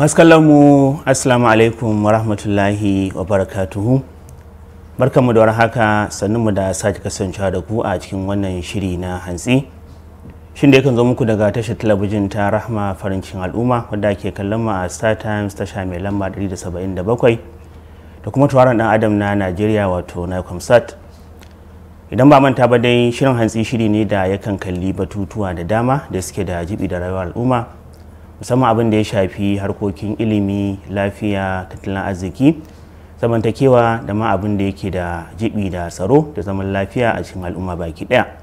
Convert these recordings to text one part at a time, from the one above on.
mu assalamu alaikum wa rahmatullahi wa barakatuhu barkanmu da warhaka sannunmu da sake kasancewa da ku a cikin wannan shiri na hantsi shin da yakan zo muku daga tashar talabijin ta rahma farincin al'umma wadda ke kallon mu a star times tasha mai lamba 177 da kuma tuwaron dan adam na najeriya wato nicomsat idan ba manta ba dai shirin hantsi shiri ne da yakan kalli batutuwa da dama da suke da jibi da rayuwar al'umma musamman abin da ya shafi harkokin ilimi lafiya tattalin arziki zamantakewa da ma abin da yake da jibi da tsaro da zaman lafiya a cikin al'umma baki daya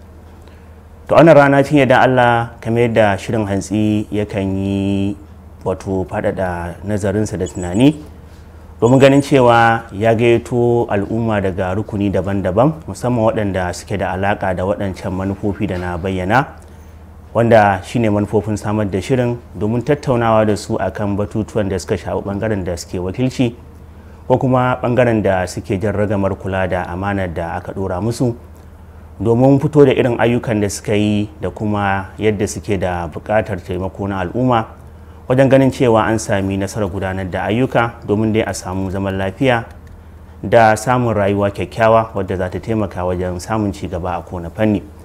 to wannan rana cikin yadda allah kamar yadda shirin hantsi yakan yi wato faɗaɗa nazarinsa da tunani domin ganin cewa ya gayyato al'umma daga rukuni daban-daban musamman waɗanda suke da alaƙa da waɗancan manufofi da na bayyana wanda shine manufofin samar da shirin domin tattaunawa da su akan batutuwan da suka shafi ɓangaren da suke wakilci ko kuma bangaren da suke jan ragamar kula da amanar da aka dora musu domin fito da irin ayyukan da suka yi da kuma yadda suke da buƙatar taimako na al'umma wajen ganin cewa an sami nasarar gudanar da ayyuka domin dai a samu zaman lafiya da samun rayuwa kyakkyawa wadda za ta taimaka wajen samun ci gaba a kona fanni.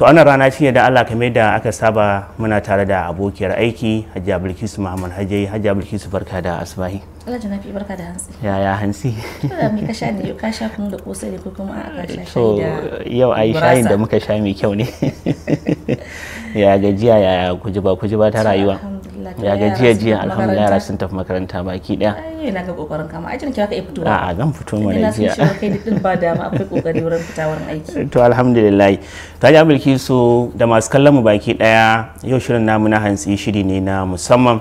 to ana rana shi da Allah kame da aka saba muna tare da abokiyar aiki Hajiya Bilkisu Muhammad hajji Hajiya Bilkisu barka da asbahi Allah jana fi barka da hantsi ya ya hantsi me ka sha ne ka sha kunu da kosai ko kuma a ka sha shayi da yau ai shayin da muka sha mai kyau ne ya gajiya ya kujiba kujiba ta rayuwa ya ga jiya jiya alhamdulillah yara sun tafi makaranta baki daya ai na ga kokarin kama ajin ki haka ya fito a'a zan fito mana jiya ina kai din ba dama akwai kokari wurin fitawar aiki to alhamdulillah ta ji bilki su da masu kallon mu baki daya yau shirin namu na hantsi shiri ne na musamman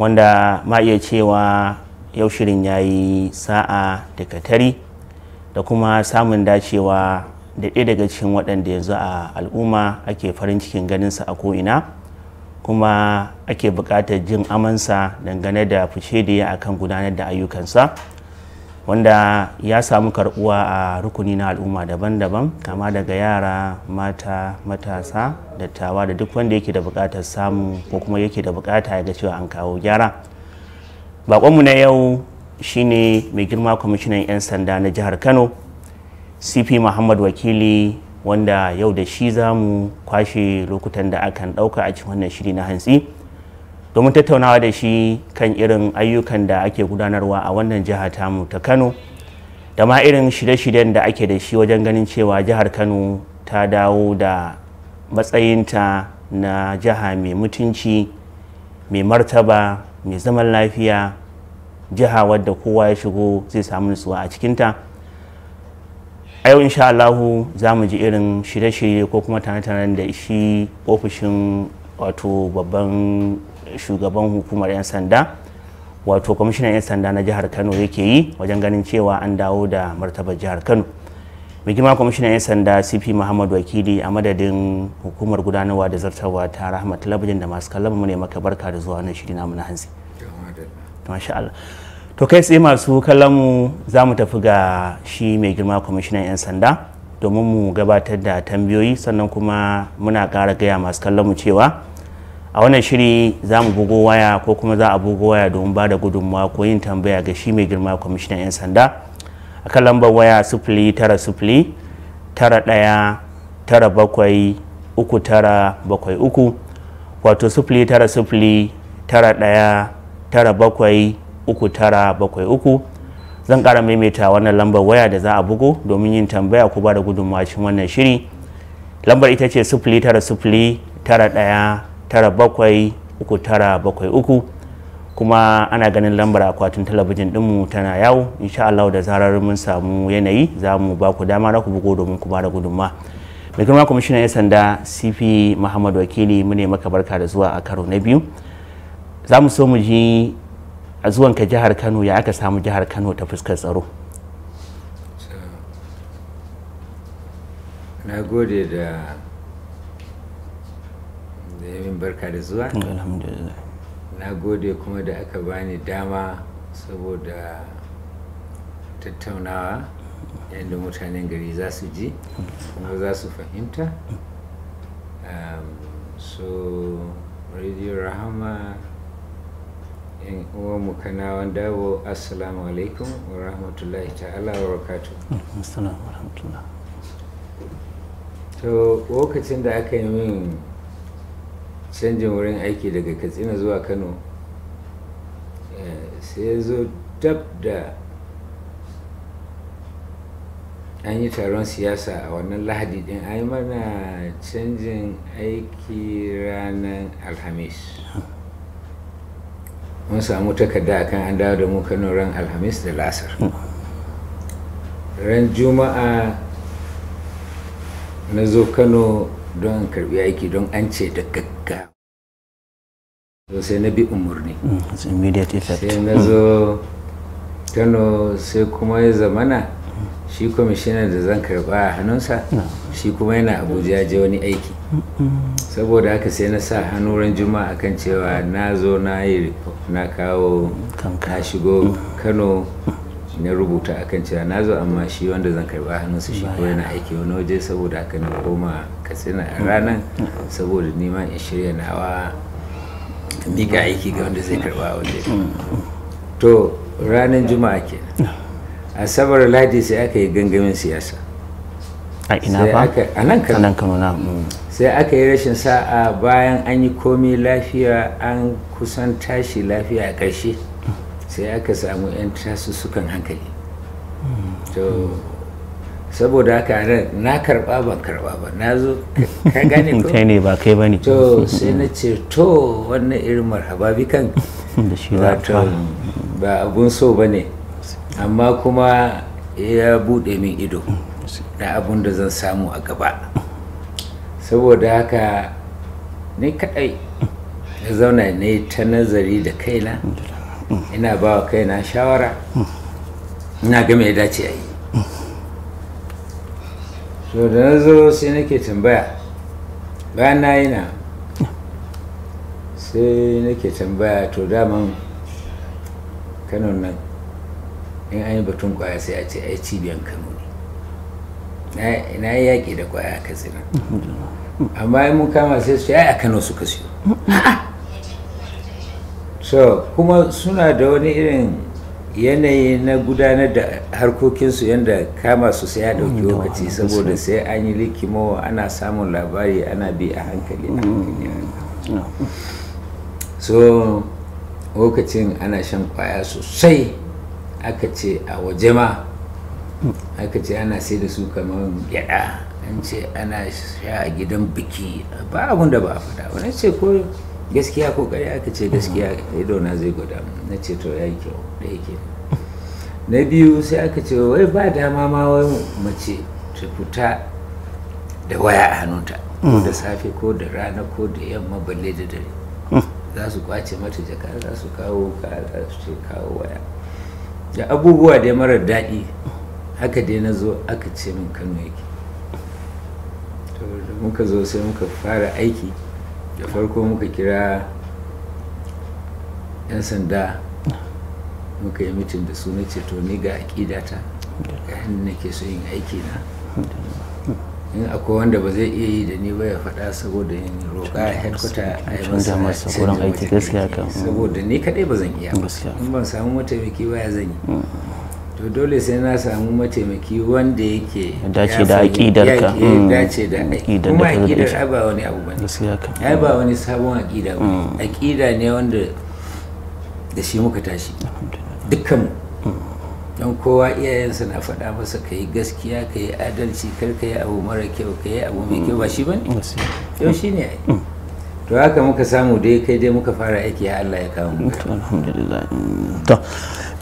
wanda ma iya cewa yau shirin yayi sa'a da katari da kuma samun dacewa da ɗaya daga cikin waɗanda yanzu a al'umma ake farin cikin ganinsa a ko'ina kuma ake buƙatar jin amansa dangane da fushe da ya akan gudanar da ayyukansa wanda ya samu karɓuwa a rukuni na al'umma daban-daban kama daga yara mata matasa dattawa da duk wanda yake da buƙatar samu ko kuma yake da buƙata ya ga cewa an kawo gyara baƙonmu na yau shine mai girma kwamishinan 'yan sanda na jihar kano cp muhammad wakili wanda yau da shi za mu kwashe lokutan da akan ɗauka a cikin wannan shiri na hantsi domin tattaunawa da shi kan irin ayyukan da ake gudanarwa a wannan jiha tamu ta kano da ma irin shirye-shiryen da ake da shi wajen ganin cewa jihar kano ta dawo da matsayinta na jiha mai mutunci mai martaba mai zaman lafiya jiha wadda kowa ya shigo zai samu nutsuwa a cikinta. a yau insha Allahu za mu ji irin shirye-shirye ko kuma tare da shi ofishin wato babban shugaban hukumar 'yan sanda wato kwamishinan 'yan sanda na jihar kano yake yi wajen ganin cewa an dawo da martabar jihar kano bigima kwamishinan 'yan sanda cp muhammad wakili a madadin hukumar gudanarwa da zartarwa ta rahama talabijin da masu kallon mu ne maka barka da zuwa wannan shiri namu na hansi masha to kai tsaye masu kallonmu za mu tafi ga shi mai girma kwamishinan 'yan sanda domin mu gabatar da tambayoyi sannan kuma muna ƙara gaya masu kallonmu cewa a wannan shiri za mu bugo waya ko kuma za a bugo waya domin ba da gudunmawa ko yin tambaya ga shi mai girma kwamishinan 'yan sanda a kan lambar waya sufuli tara sufuli tara ɗaya tara bakwai uku tara bakwai uku wato sufuli tara sufuli tara ɗaya tara bakwai uku tara bakwai uku zan ƙara maimaita wannan lambar waya da za a bugu domin yin tambaya ko ba da gudunmawa cikin wannan shiri lambar ita ce sufuli tara sufuli tara ɗaya tara bakwai uku tara bakwai uku kuma ana ganin lambar akwatin talabijin ɗinmu tana yawo insha Allah da zarar mun samu yanayi za mu ba ku dama na ku bugo domin ku ba da gudunma. mai girma kwamishinan 'yan sanda cp muhammad wakili mune ne maka barka da zuwa a karo na biyu za mu so mu ji a zuwanka jihar kano ya aka samu jihar kano ta fuskar tsaro na gode da da yamin barka da zuwa na gode kuma da aka bani dama saboda tattaunawa yadda mutanen gari za su ji kuma za su fahimta so radio rahama in uwa mu kanawan dawo assalamu alaikum wa rahmatullahi ta'ala wa rakatu hmm, to lokacin da aka yi min canjin wurin aiki daga katsina zuwa kano eh, sai zo dab da an yi taron siyasa a wannan lahadi din ai mana canjin aiki ranar alhamis hmm. mun samu takarda kan an dawo da mu kano ran alhamis da lasar hmm. ran juma'a na zo kano don karbi aiki don an ce da gagga sai na bi umarni hmm, sai na zo hmm. kano sai kuma ya zamana shi kwamishinan da zan karba a hannunsa shi kuma yana abuja je wani aiki saboda haka sai na sa hannun ran juma'a kan cewa na zo na yi na kawo na shigo kano na rubuta akan cewa na zo amma shi wanda zan karba hannunsa shi kuma yana aiki wani waje saboda haka na koma katsina a ranar saboda nima in shirya nawa miƙa aiki ga wanda zai karba waje mm. to ranar juma'a kenan a sabar ladi sai aka yi gangamin siyasa a ina ba a nan kanuna. Mm. sai aka yi rashin sa'a bayan an yi komi lafiya an kusan tashi lafiya a ƙarshe sai aka samu 'yan tasussukan hankali to saboda haka nan na karba ban karba ba na zo ka gane ko kai ne ba kai ba ne to sai na ce to wannan irin marhaba bi kan ba abun so ba ne amma kuma ya buɗe min ido da abun da zan samu a gaba saboda haka ni kaɗai ya zauna ne ta nazari da kaina ina ba wa kaina shawara ina ga da dace a so da na zo sai nake tambaya bayan na yi sai nake tambaya to daman kanon nan in an yi batun kwaya sai a ce ai cibiyar kano ne na yi yaƙi da kwaya a katsina amma in mun kama sai su ai a kano suka siyo so kuma suna da wani irin yanayi na gudanar da harkokinsu yadda kama su sai ya ɗauki mm, lokaci mm, saboda sai an yi likimo ana samun labari ana bi a hankali a mm, hankali so lokacin ana shan kwaya sosai aka ce a waje ma aka ce ana sai da su kamar gyada an ce ana sha a gidan biki ba abun da ba a fada wani ce ko gaskiya ko kare aka ce gaskiya ido na zai guda na ce to ya kyau da yake na biyu sai aka ce wai ba dama ma wai mace ta fita da waya a hannunta da safe ko da rana ko da yamma balle da dare za su kwace mata jaka za su kawo kara kawo waya da abubuwa da mara daɗi haka dai na zo aka ce min kano yake to da muka zo sai muka fara aiki da farko muka kira 'yan sanda muka yi mitin da su na ce to ni ga aƙidata ga hannun nake so yin aiki na in akwai wanda ba zai iya yi da ni ba ya faɗa saboda yin roƙa headquarter a yi masa sauran aiki gaskiya kan mm. saboda ni kaɗai ba zan iya in ban samu mataimaki ba ya zan yi mm. to dole sai na samu mataimaki wanda yake mm. dace da aƙidar ka dace da aƙidar kuma aƙidar ai ba wani abu bane gaskiya kan ai ba wani sabon aƙida ba aƙida ne wanda da shi muka tashi dukkanmu don kowa iyayensa na faɗa masa ka yi gaskiya ka yi adalci kar ka yi abu mara kyau ka yi abu mai kyau ba shi ba ne mm. yau shi ne mm. to haka muka samu dai kai dai muka fara aiki ya Allah ya kawo mu alhamdulillah to da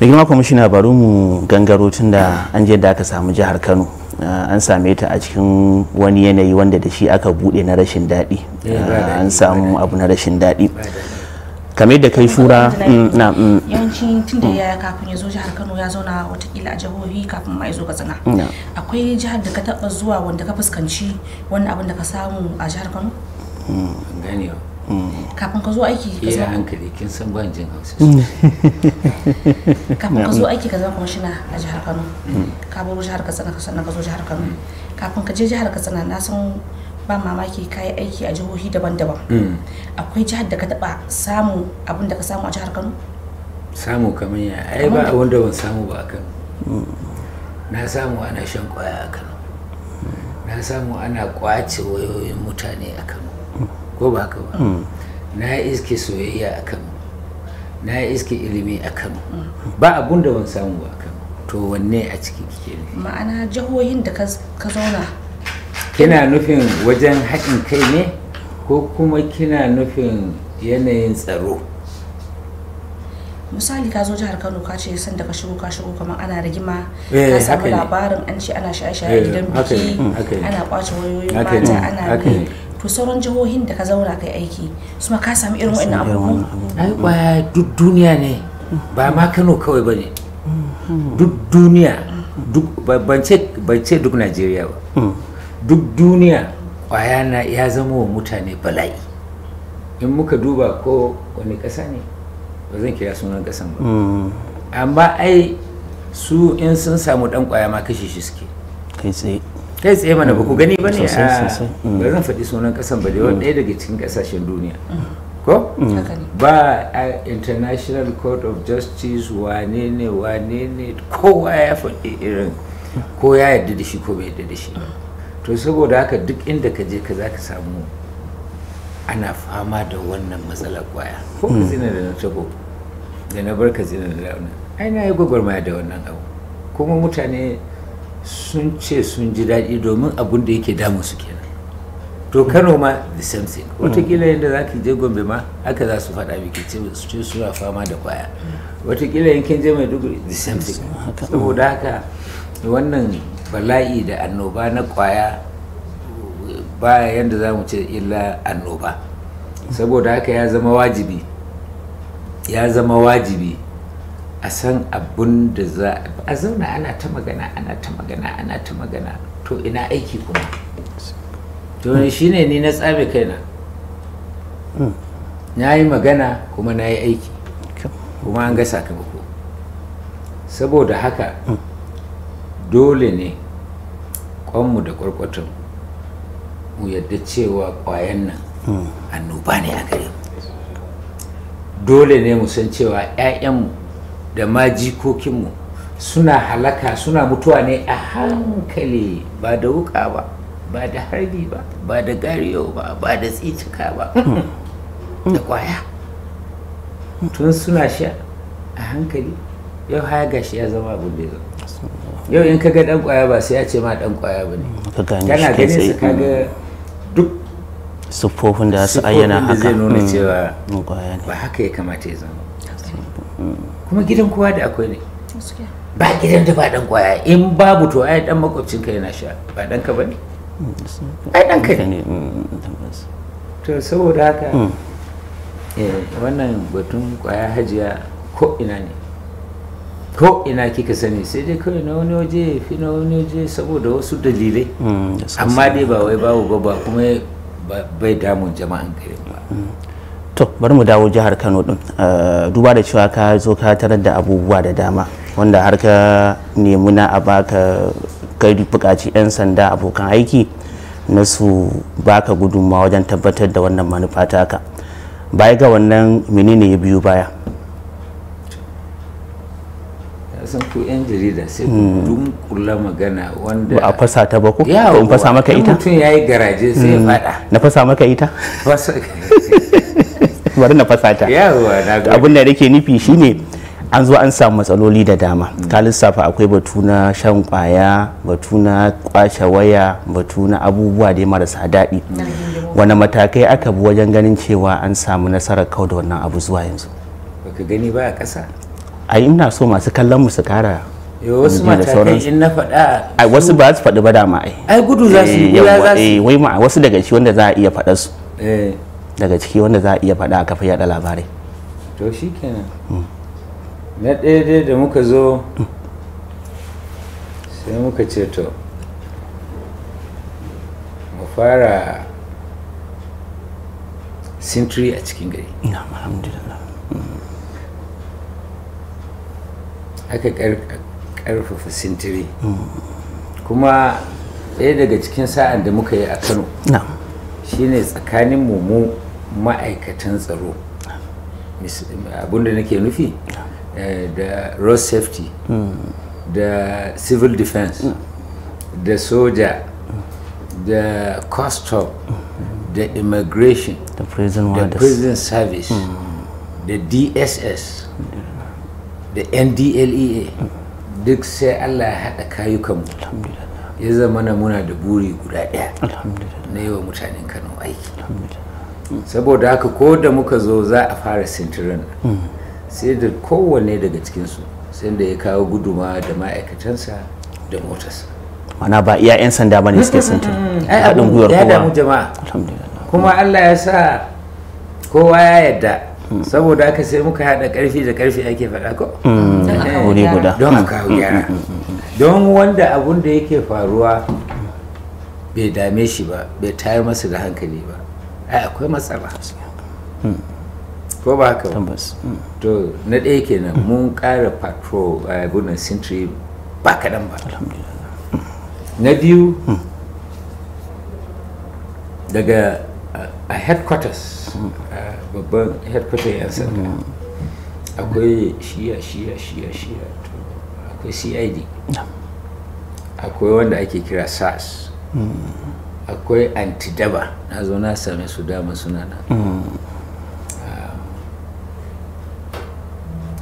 girma kwamishina bari mu gangaro tun da an je da aka samu jihar Kano ah, an same ta a cikin wani yanayi wanda da shi aka bude na rashin daɗi eh, ah, an samu abu na rashin daɗi kamar da kai shura mm, na mm. yawanci tun da mm. ya kafin ya zo jihar Kano ya zauna watakila a jihohi kafin ma ya zo Katsina akwai jihar da ka taba zuwa wanda ka fuskanci wani abin da ka samu a jihar Kano ganewa kafin ka zo aiki ka zama hankali kin san ban jin hausa kafin ka zo aiki ka zama kwamishina a jihar Kano ka baro jihar Katsina ka sannan ka zo jihar Kano kafin ka je jihar Katsina na san ba mamaki ka yi aiki a jihohi daban-daban mm. akwai jihar da ka taba samu abin da ka samu a jihar kano samu kamar ya ai ba abin da ban samu ba a kano mm. na samu ana shan kwaya a kano na samu ana kwace wayoyin mutane a kano ko ba haka ba mm. na iske soyayya a kano na iske ilimi a kano ba abun da ban samu ba a kano to wanne a ciki kike ma'ana jihohin da ka zauna kina nufin wajen haɗin kai ne ko kuma kina nufin yanayin tsaro misali ka zo jihar kano ka ce san da ka shigo ka shigo kamar ana rigima ka eh, samu labarin an ce ana shaye-shaye eh, gidan biki ana kwace wayoyin mata ana to sauran jihohin da ka zauna kai aiki su ka samu irin wannan abubuwan ai kwaya duk duniya ne ba ma kano kawai ba ne mm, mm. duk duniya mm, ban ce duk najeriya ba duk duniya kwaya na ya zama wa mutane bala'i in muka duba ko wani ƙasa ne ba zan kira sunan ƙasan ba mm. amma ai su in sun samu ɗan kwaya ma kashe shi suke kai tsaye kai tsaye mana ba ku mm. gani ba ne a ah, mm. ba zan faɗi sunan ƙasan ba da ɗaya daga cikin ƙasashen duniya ko ba a international court of justice wane ne wane ne kowa ya faɗi irin ko ya yarda da shi ko bai yarda da shi to saboda haka duk inda ka je ka za ka samu ana fama da wannan matsalar kwaya ko ka hmm. zina da na tabo da na bar ka zina da wannan. ai na yi gwagwarmaya da wannan abu kuma mutane sun ce sun ji daɗi domin abun da yake damu su kenan to kano ma the same thing hmm. watakila yadda za ka je gombe ma haka za su faɗa miki su ce suna fama da kwaya hmm. watakila yankin je maiduguri the same thing saboda haka wannan bala'i da annoba na kwaya ba yadda za mu ce illa annoba saboda haka ya zama wajibi ya zama wajibi a san abin da za a zauna ana ta magana ana ta magana ana ta magana to ina aiki kuma to ne ni na tsame kaina na yi magana kuma na yi aiki kuma an ga sakamako saboda haka dole ne kwanmu da kwarkwatar mu yadda cewa kwayan nan hmm. annoba ne a gare mu dole ne mu san cewa 'ya'yanmu da ma jikokinmu suna halaka suna mutuwa ne a hankali ba da wuka ba ba da harbi ba ba da gariyo ba ba da tsicika ba hmm. da kwaya tun suna sha a hankali yau haya gashi ya zama abin da ya zama yau in kaga dan kwaya ba sai ya ce ma dan kwaya bane kana ganin su kaga duk sufofin da su ayyana haka zai nuna mm. cewa ba haka ya kamata ya zama mm. kuma gidan kowa da akwai ne ba gidan da ba dan kwaya in babu to ai dan makwabcin ka yana sha ba dan ka bane mm. ai dan ka ne to saboda haka eh, wannan batun kwaya hajiya ko ina ne ko ina kika sani sai dai kawai na wani waje fi na wani waje saboda wasu dalilai mm, amma dai ba wai babu ba ba kuma bai damun jama'an gari ba mm. to bari mu dawo jihar kano din eh, duba da cewa ka zo ka tarar da abubuwa da dama wanda har ka nemi na a baka kai bukaci 'yan sanda abokan aiki na su baka gudunmawa wajen tabbatar da wannan manufa taka baya ga wannan menene ya biyu baya san ku yan jarida sai ku hmm. kula magana wanda ba a fasa ta ba ko ya fasa maka ita mutum yayi garaje sai ya hmm. fada na fasa maka ita bari na fasa ta yawa na abin da nake nufi shine an zo an samu matsaloli da dama hmm. ka lissafa akwai batu na shan kwaya batu na kwashe waya batu na abubuwa dai marasa daɗi wani matakai aka bi wajen ganin cewa an samu nasarar kau da wannan abu zuwa yanzu baka gani ba a ƙasa ai ina so masu kallon mu su kara wasu matakai in na faɗa ai wasu ba su faɗi ba dama ai ai gudu za su yi eh, za su eh, wai ma wasu daga ciki wanda za a iya faɗa su eh. daga ciki wanda za a iya faɗa a kafa yaɗa labarai to shikenan hmm. na ɗaya dai da muka zo hmm. sai muka ce to mu fara sintiri a cikin gari alhamdulillah aka karfafa sintiri hmm. kuma ɗaya daga cikin sa'an da muka yi a kano shine tsakanin mu ma'aikatan tsaro abinda nake nufi eh, da road safety hmm. da civil defense hmm. da soja da custom da immigration da prison service da dss da ndlea duk sai allah ya haɗa kayukanmu ya zama na muna da buri guda ɗaya na yi wa mutanen kano aiki saboda haka ko da muka zo za a fara sintirin hmm. sai da kowanne daga cikinsu sai da ya kawo guduma da ma'aikatansa da motarsa mana ba iya 'yan sanda ba ne suke sintirin mm, mm, mm. haɗin gwiwar kowa jama'a kuma allah ya sa kowa ya yadda saboda haka sai muka haɗa ƙarfi da ƙarfi ake faɗa ko mm. don a kawo gyara mm. mm, don wanda abun da yake faruwa bai dame shi ba bai tayar masa da hankali ba ai akwai matsala ko ba haka ba to na ɗaya kenan mun ƙara patrol eh, a sintiri ba kaɗan ba na biyu daga a headquarters babban headquarters yan sanda mm. akwai shiya shiya shiya shiya akwai cid akwai wanda ake kira sars mm. akwai antidaba na zo na same su dama suna na mm. ah,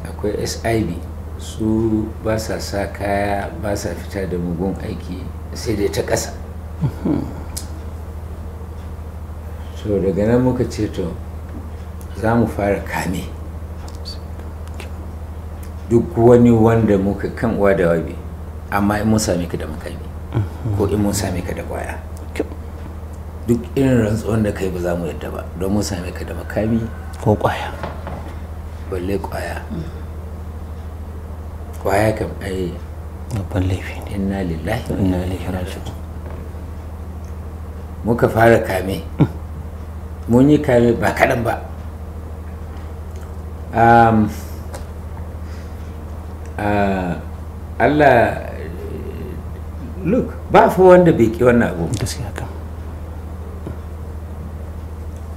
akwai sib su ba sa sa kaya ba sa fita da mugun aiki sai dai ta ƙasa mm-hmm. so daga nan muka ce to za mu fara kame duk wani wanda muka kan uwa da wabi amma in mun same ka da makami ko in mun same ka da kwaya duk irin rantsuwan wanda kai ba za mu yadda ba don mun same ka da makami ko kwaya balle kwaya kwaya kam ai babban laifi ne inna lillahi wa inna ilaihi raji'un muka fara kame mm. mun yi kare ba kaɗan ba allah look ba fa wanda bai ki wannan abu gaskiya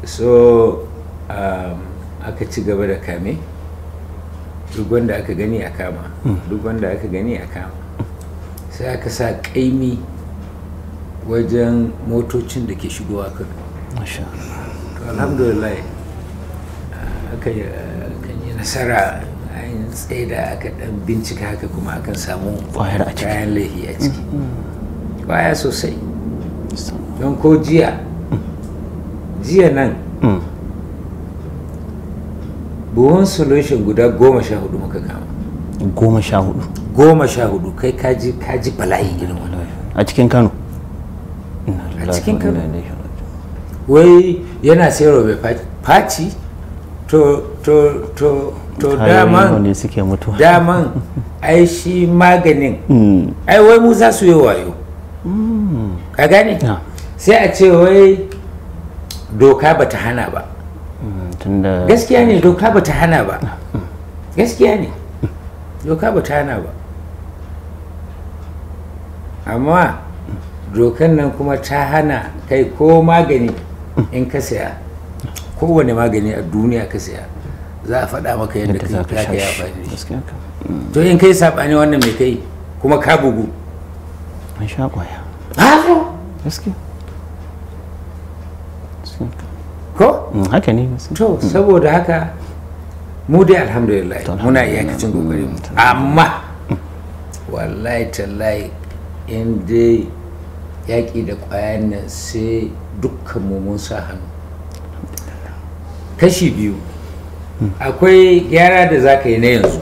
so um, aka ci gaba da kame duk wanda aka gani a kama hmm. duk wanda aka gani a kama sai aka sa kaimi wajen motocin da ke shigowa kan alhamdulillah aka yi nasara an tsaye da aka dan bincika haka kuma akan samu kayan laifi a ciki mm, mm. kwaya sosai don ko jiya jiya nan mm. buhun solution guda goma sha hudu muka kama goma sha hudu goma sha hudu kai kaji kaji bala'i irin wani a cikin kano a cikin kano wai yana sayarwa bai faci to to to to daman daman ai shi maganin hmm. ai wai mu za su yi wayo hmm. ka gane sai a ce wai doka ba ta hana ba hmm, gaskiya ne doka ba ta hana ba ah, gaskiya ne doka ba ta hana ba amma dokan nan kuma ta hana kai ko magani in ka saya kowane magani a duniya ka saya za a faɗa maka yadda ka ka a faɗi mm. to in kai saɓani wannan mai kai kuma ka bugu an sha ƙwaya ko mm, haka ne to mm. saboda haka mu dai alhamdulillah muna iyakacin kokarin amma wallahi tallahi in dai yaƙi da ƙwayan nan sai dukkan mun sa hannu kashi biyu akwai gyara da za ka yi na yanzu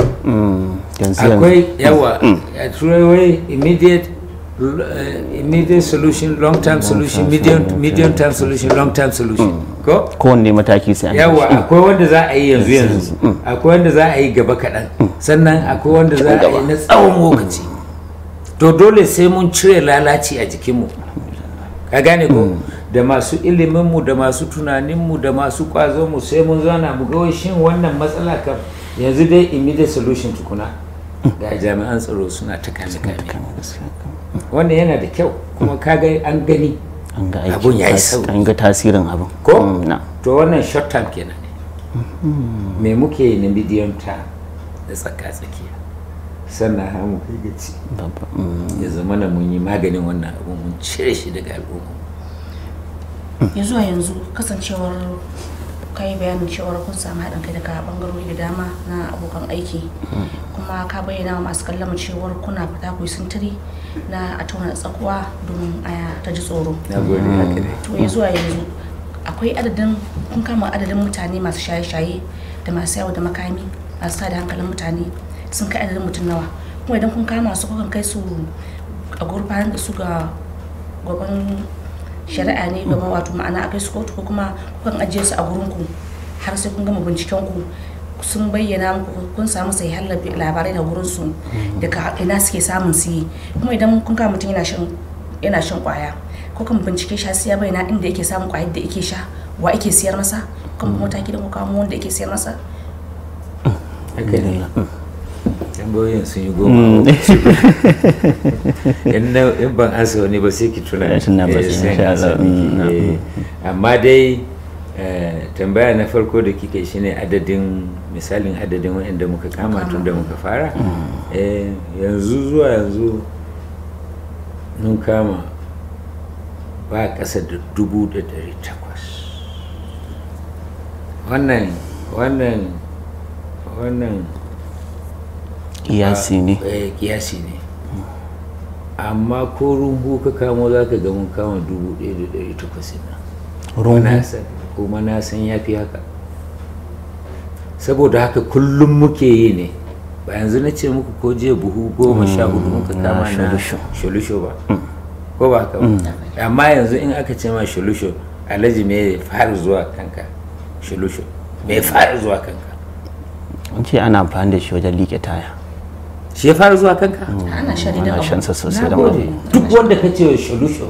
akwai yawa a turai immediate immediate solution long term solution medium term solution long term solution mm. ko kowanne mataki sai yawa akwai wanda za a yi yanzu yanzu mm. akwai wanda za a yi gaba kaɗan mm. sannan akwai wanda za a yi na tsawon lokaci to dole sai mun cire lalaci a jikinmu ka gane ko mm. da masu iliminmu da masu tunaninmu da masu kwazonmu sai mun zana mu ga shin wannan matsala kam yanzu dai immediate solution tukuna da jami'an tsaro suna ta kame kame wannan yana da kyau kuma ka ga an gani abun ya yi sauki an ga tasirin abun ko mm, to wannan short term kenan mm-hmm. me muke yi na medium term da tsaka tsakiya sannan har mu kai gaci ya zama na mun yi maganin wannan abu mun cire shi daga al'umma ya zuwa yanzu kasancewar ka yi bayanin cewar kun samu haɗin kai daga bangarori da dama na abokan aiki kuma ka bayyana wa masu kallon cewar kuna fita ku sintiri na a tauna tsakuwa domin aya ta ji tsoro to ya zuwa yanzu akwai adadin kun kama adadin mutane masu shaye-shaye da masu yawo da makami masu sa da hankalin mutane sun kai adadin mutum nawa kuma idan kun kama su kukan kai su a gurbanin da su ga gaban shari'a ne ga mm. wato ma'ana a kai su kotu ko kuma kukan ajiye su a gurin ku har sai kun gama binciken ku sun bayyana muku kun samu sai har labarai da gurin su mm. daga ina suke samun su kuma idan kun kama mutum yana shan yana shan kwaya kukan bincike shi sai ya bayyana inda yake samun kwaya da yake sha wa yake siyar masa kuma mota mm. da ku kamo wanda yake siyar masa. -hmm. tambayoyin sun yi goma in ban ansa wani ba sai ki tuna tuna ba sai amma dai eh, tambaya na farko da kike shine adadin misalin adadin waɗanda muka kama tun da muka fara hmm. eh, yanzu zuwa yanzu mun kama ba kasa da dubu da dari takwas wannan wannan wannan kiyasi ne eh kiyasi ne amma ko rungu ka kamo za ka ga mun kama dubu ɗaya da ɗari takwas na rungu kuma na san ya fi haka saboda haka kullum muke yi ne ba yanzu na ce muku ko je buhu goma sha hudu mm, muka kama mm, na sholusho ba mm. ko ba ka amma yanzu in aka ce ma sholusho alhaji me fara zuwa kanka sholusho me fara zuwa kanka an ce ana amfani da shi wajen liƙe taya shi ya fara zuwa kanka mm. ana shan sa sosai mm. da duk wanda ka ce solution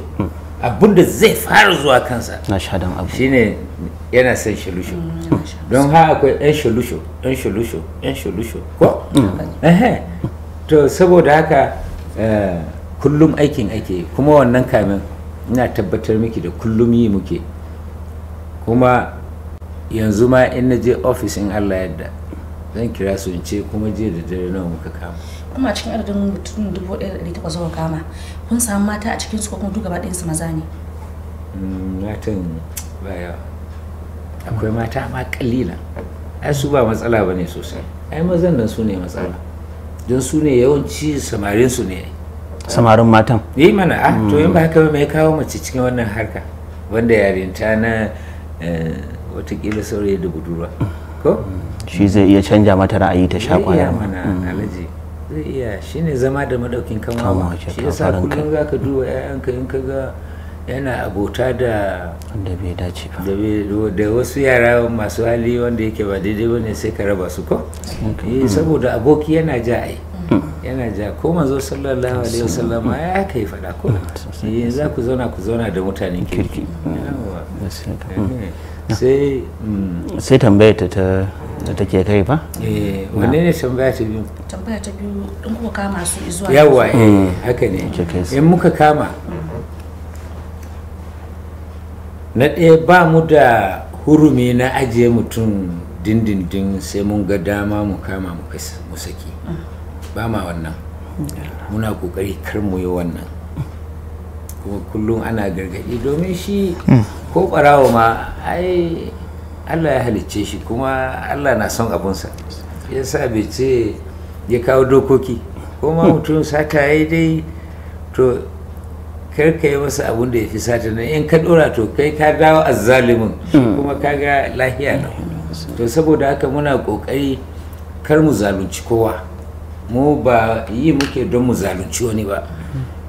abinda zai fara zuwa kansa na shadan abu shine yana son solution mm, don ha akwai ɗan solution ɗan solution ɗan solution ko to saboda haka eh, kullum aikin ake kuma wannan kamin ina tabbatar miki da kullum yi muke kuma yanzu ma in na je ofis in allah yadda zan kira su in ce kuma je da dare nawa muka kama kuma cikin adadin mutum dubu ɗaya da takwas zuwa kama kun samu mata a cikin su ko kuma duk gaba ɗayan su maza ne mm, matan baya akwai mata ma kalila ai su ba matsala ba ne sosai ai mazan nan su ne matsala don su ne yawanci samarin su ne samarin matan yi eh, mana a ah, to in mm. ba haka ba mai kawo mace cikin wannan harka wanda yarinta na eh, watakila saurayi da budurwa ko mm. shi zai iya canja mata ra'ayi ta sha kwana mana zai iya ne zama da madaukin kama shi sa kullum za ka duba 'ya'yanka in ka ga yana abota da da bai dace ba da wasu yara masu hali wanda yake ba daidai ba ne sai ka raba su ko eh, saboda aboki yana ja ai hmm. yana ja ko manzo sallallahu alaihi wasallam ya aka yi fada ko hmm. eh, za ku zauna ku zauna da mutanen kirki hmm. eh, sai tambayar ta da take kai fa? eh wanne ne tambaya ta biyu tambaya ta biyu in kuka kama su zuwa yawa eh hmm. haka ne in muka kama na ɗaya ba mu da hurumi na ajiye mutum dindindin sai mun ga dama mu kama mu saki ba ma wannan muna kokari kar mu yi wannan kuma kullum ana gargaɗi domin shi hmm. ko ɓarawa ma ai Allah ya halicce shi kuma Allah na son abunsa ya sa bai ce ya kawo dokoki kuma mutum sata ya dai to karka yi masa abun da ya fi sata na in ka dora to kai ka dawo azzalimin hmm. kuma ka ga lahiya na to saboda haka muna kokari kar mu zalunci kowa mu ba yi muke don mu zalunci wani ba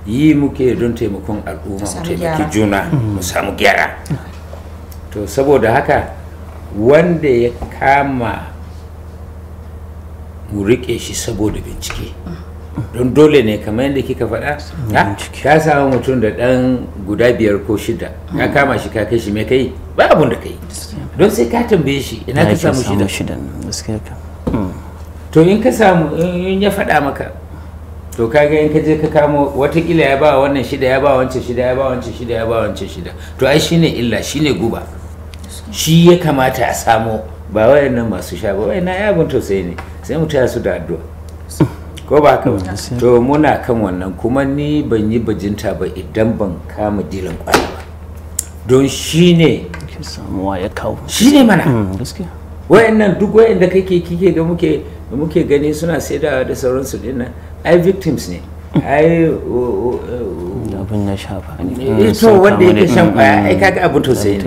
yi muke don taimakon al'umma mu taimaki juna mu hmm. samu gyara to saboda haka wanda ya kama mu riƙe shi saboda bincike don dole ne kamar yadda kika faɗa ka samu mutum da ɗan guda biyar ko shida ka mm. kama shi ka kai shi mai kai ba abun da kai don sai ka tambaye shi ina ka samu shida mm. to in ka samu in ya faɗa maka to kaga in ka je ka kamo watakila ya ba wannan shida ya ba wancan shida ya ba wancan shida ya ba wancan shida to ai shine illa shine guba shi ya kamata a samu ba wayannan masu sha ba wayannan ya abin tausayi ne sai mu taya su da addu'a ko ba haka to muna kan wannan kuma ni ban yi bajinta ba idan ban kama dilin kwaya ba don shi ne shi ne mana mm, wayannan duk wayanda kake kike ga muke muke gani suna saidawa da sauransu dinnan ai victims ne ai na shafa ne eh, to wanda yake shan kwaya ai kaga abu to sai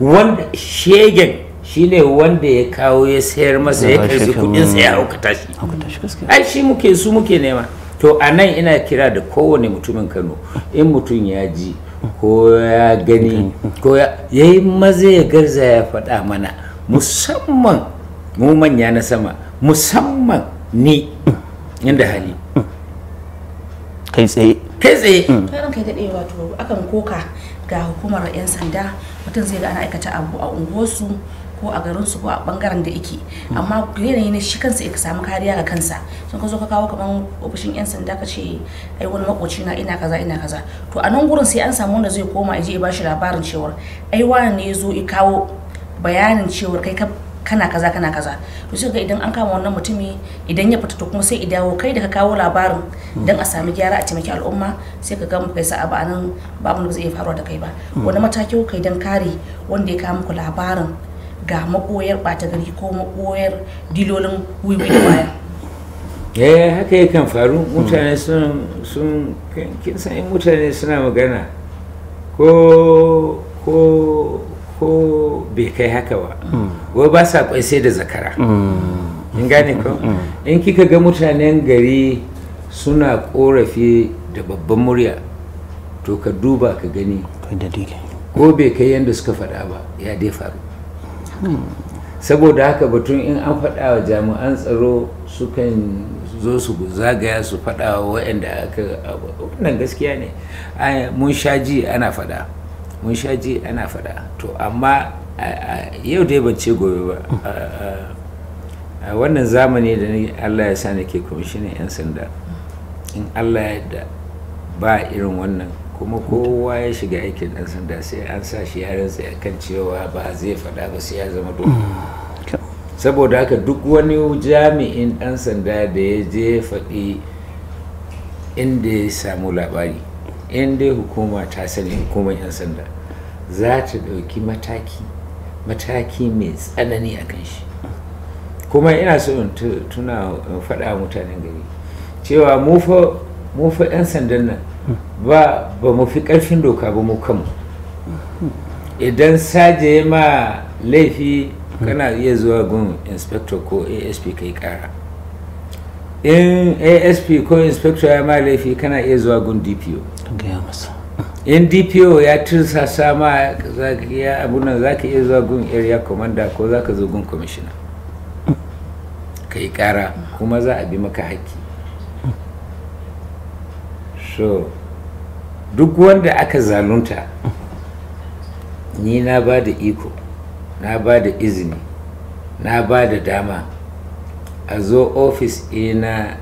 wanda shegen shine wanda ya kawo ya sayar masa ya su kudin sai ya hauka tashi ai shi muke su muke nema to a nan ina kira da kowane mutumin Kano in mutum ya ji ko ya gani ko ya yi maza ya garza ya faɗa mana musamman mu manya na sama musamman ni inda hali kai tsaye kai tsaye ta mm. kai daɗe wato akan koka ga hukumar 'yan sanda mutum zai ga ana aikata abu a unguwarsu ko a garin su ko a bangaren da yake mm. amma yanayi ne shi kansa ya samu kariya ga kansa sun ka zo ka kawo kaman ofishin yan sanda ka ce ai wani makoci na ina kaza ina kaza to a nan gurin sai an samu wanda zai koma ya je ya bashi labarin cewar ai wani ne ya zo ya kawo bayanin cewar kai ka kana kaza kana kaza to sai ga idan an kama wannan mutumi idan ya fita to kuma sai idawo kai da ka kawo labarin dan a sami gyara a taimaki al'umma sai ka ga mu kai sa'a ba nan ba mu zai faruwa da kai ba hmm. wani mataki kai dan kare wanda ya kawo muku labarin ga makoyar bata gari ko makoyar dilolin wiwi da baya eh haka yakan faru hmm. mutane sun sun kin san mutane suna magana ko ko ko bai kai haka ba wai ba sa kwai sai da zakara in gane ko in kika ga mutanen gari suna korafi da babban murya to ka duba ka gani ko bai kai yadda suka faɗa ba ya dai faru saboda haka batun in an faɗa wa jami'an tsaro sukan zo su zagaya su faɗa wa waɗanda aka wannan gaskiya ne mun sha ji ana faɗa mun sha ji ana faɗa to amma yau dai ban ce gobe ba a wannan zamani da ni allah ya sa ke kwamishinan 'yan sanda in allah ya da ba irin wannan kuma kowa ya shiga aikin ɗan sanda sai an sa shi ya rantsa kan cewa ba zai faɗa ba sai ya zama doka mm, saboda haka duk wani jami'in ɗan sanda da ya je faɗi inda ya samu labari in dai hukuma ta sani hukumar 'yan sanda za ta ɗauki mataki mataki mai tsanani a kan shi kuma ina so in tuna faɗa mutanen gari cewa mu fa 'yan sandan nan ba ba mu fi ƙarfin doka ba mu kanmu idan saje ma laifi kana iya zuwa gun inspector ko asp kai kara in asp ko inspector ya ma laifi kana iya zuwa gun dpo gaya masa ndpo ya tursa sama ya abunan za ka iya zuwa gun area commander ko za ka zo gun commissioner ka yi kara kuma za a bi maka haƙƙi so duk wanda aka zalunta ni na ba da iko na ba da izini na ba da dama a zo ofis ina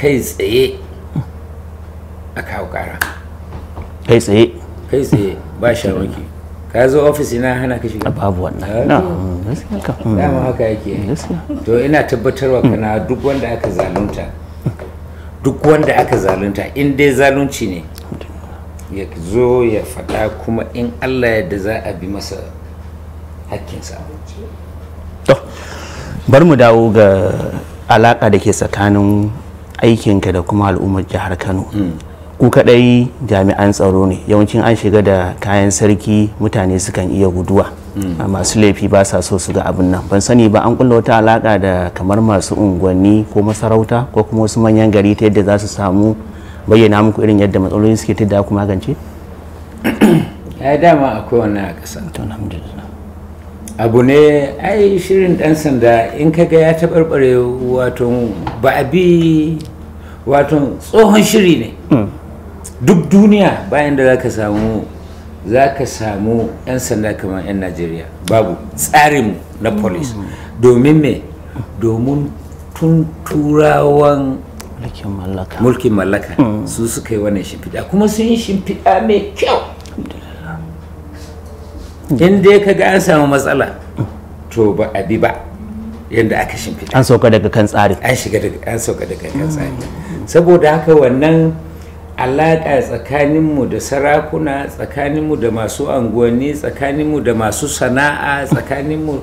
kai tsaye a kawo kara kai tsaye kai tsaye ba shawaki ka zo ofis ina hana ka shiga babu wannan mu mm, haka yake mm, to ina tabbatarwa kana duk wanda aka zalunta duk wanda aka zalunta in dai zalunci ne ya zo ya faɗa kuma in allah yadda za a bi masa hakkinsa bar mu dawo ga alaƙa da ke tsakanin aikinka da kuma al'ummar jihar kano mm. ku kadai jami'an tsaro ne yawancin an shiga da kayan sarki mutane sukan iya guduwa hmm. masu laifi ba sa so su ga abin nan ban sani ba an kulla wata alaka da kamar masu unguwanni ko masarauta ko kuma wasu manyan gari ta yadda za su samu bayyana muku irin yadda matsaloli suke ta da ku magance ya dama akwai wannan a ƙasa abu ne ai shirin dan sanda in kaga ya taɓarɓare wato ba a bi wato tsohon shiri ne hmm. duk duniya bayan da za ka samu za ka samu 'yan sanda kamar 'yan najeriya babu tsarin na polis mm. domin me domin tun turawan mulkin mallaka mm. su suka yi wannan shimfiɗa kuma sun yi shimfiɗa mai kyau inda ya kaga an samu matsala to ba a bi ba yadda aka shimfiɗa an sauka daga kan tsari an shiga daga an sauka daga kan mm. tsari saboda haka wannan alaƙa tsakaninmu da sarakuna tsakaninmu da masu anguwanni tsakaninmu da masu sana'a tsakaninmu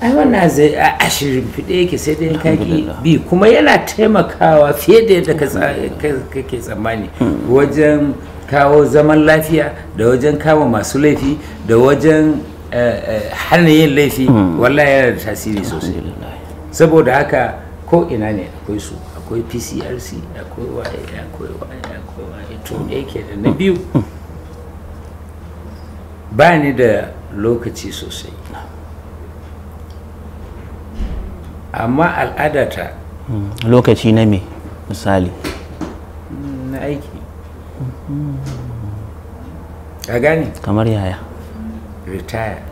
ai wannan zai a shirin fiɗe yake sai dai kaki bi kuma yana taimakawa fiye da yadda hmm. kake tsammani hmm. wajen kawo zaman lafiya da wajen kama masu laifi da wajen eh, eh, hana yin laifi hmm. wallahi yana da tasiri sosai saboda haka ko ina ne akwai su akwai pcrc akwai waye akwai waye akwai waye to da yake da na biyu ba ni da lokaci sosai amma al'adata hmm. lokaci na me misali na aiki a gane kamar yaya retire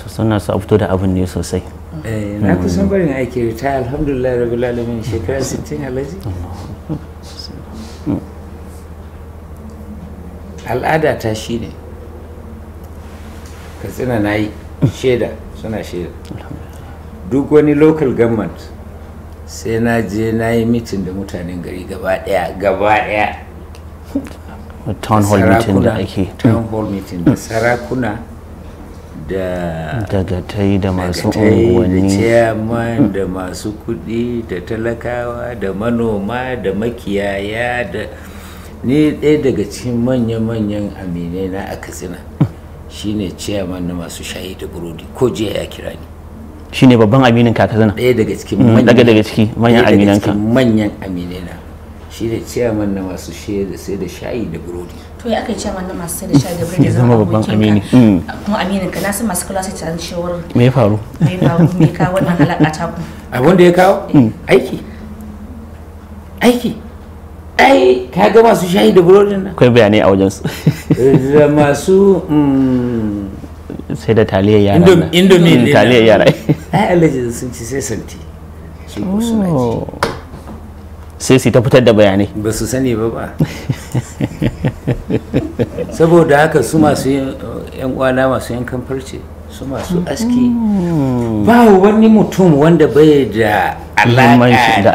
to suna sa fito da abin ne sosai Eh, na kusan mm. barin aiki ta alhamdulillah rabbil alamin shekara 60 mm. alaji mm. al'ada ta shi ne. katsina na yi shaida suna shaida duk wani local government sai na je na yi mitin da mutanen gari gaba daya gaba daya town hall meeting da ake town hall meeting da sarakuna da dagatai da masu unguwanni da chairman hmm. da masu kudi da talakawa da manoma da makiyaya da ni ɗaya daga cikin manya-manyan aminai na a katsina shine chairman na masu shayi da burodi ko jiya ya kira ni shine babban aminin ka katsina ɗaya daga cikin hmm, daga daga cikin manyan aminan ka manyan aminai na shine chairman na masu shayi da sai da shayi da burodi to ya aka ce wannan masu sai da sha gaba da zama babban amini mm. kuma aminin ka nasu masu kula sai tsarin cewar me ya faru me ya faru me ka wannan halaka ta ku abin da ya kawo mm. aiki aiki ai ka ga masu shayi da burodin nan akwai bayanai a wajen su da masu mm. sai da taliyar yara indomi taliyar yara ai alaji sun ci sai santi oh. sai su ta fitar da bayanai ba su sani ba ba saboda haka su masu yan kwana masu yankan farce su masu aski hmm. ba wani mutum wanda bai da alaƙa da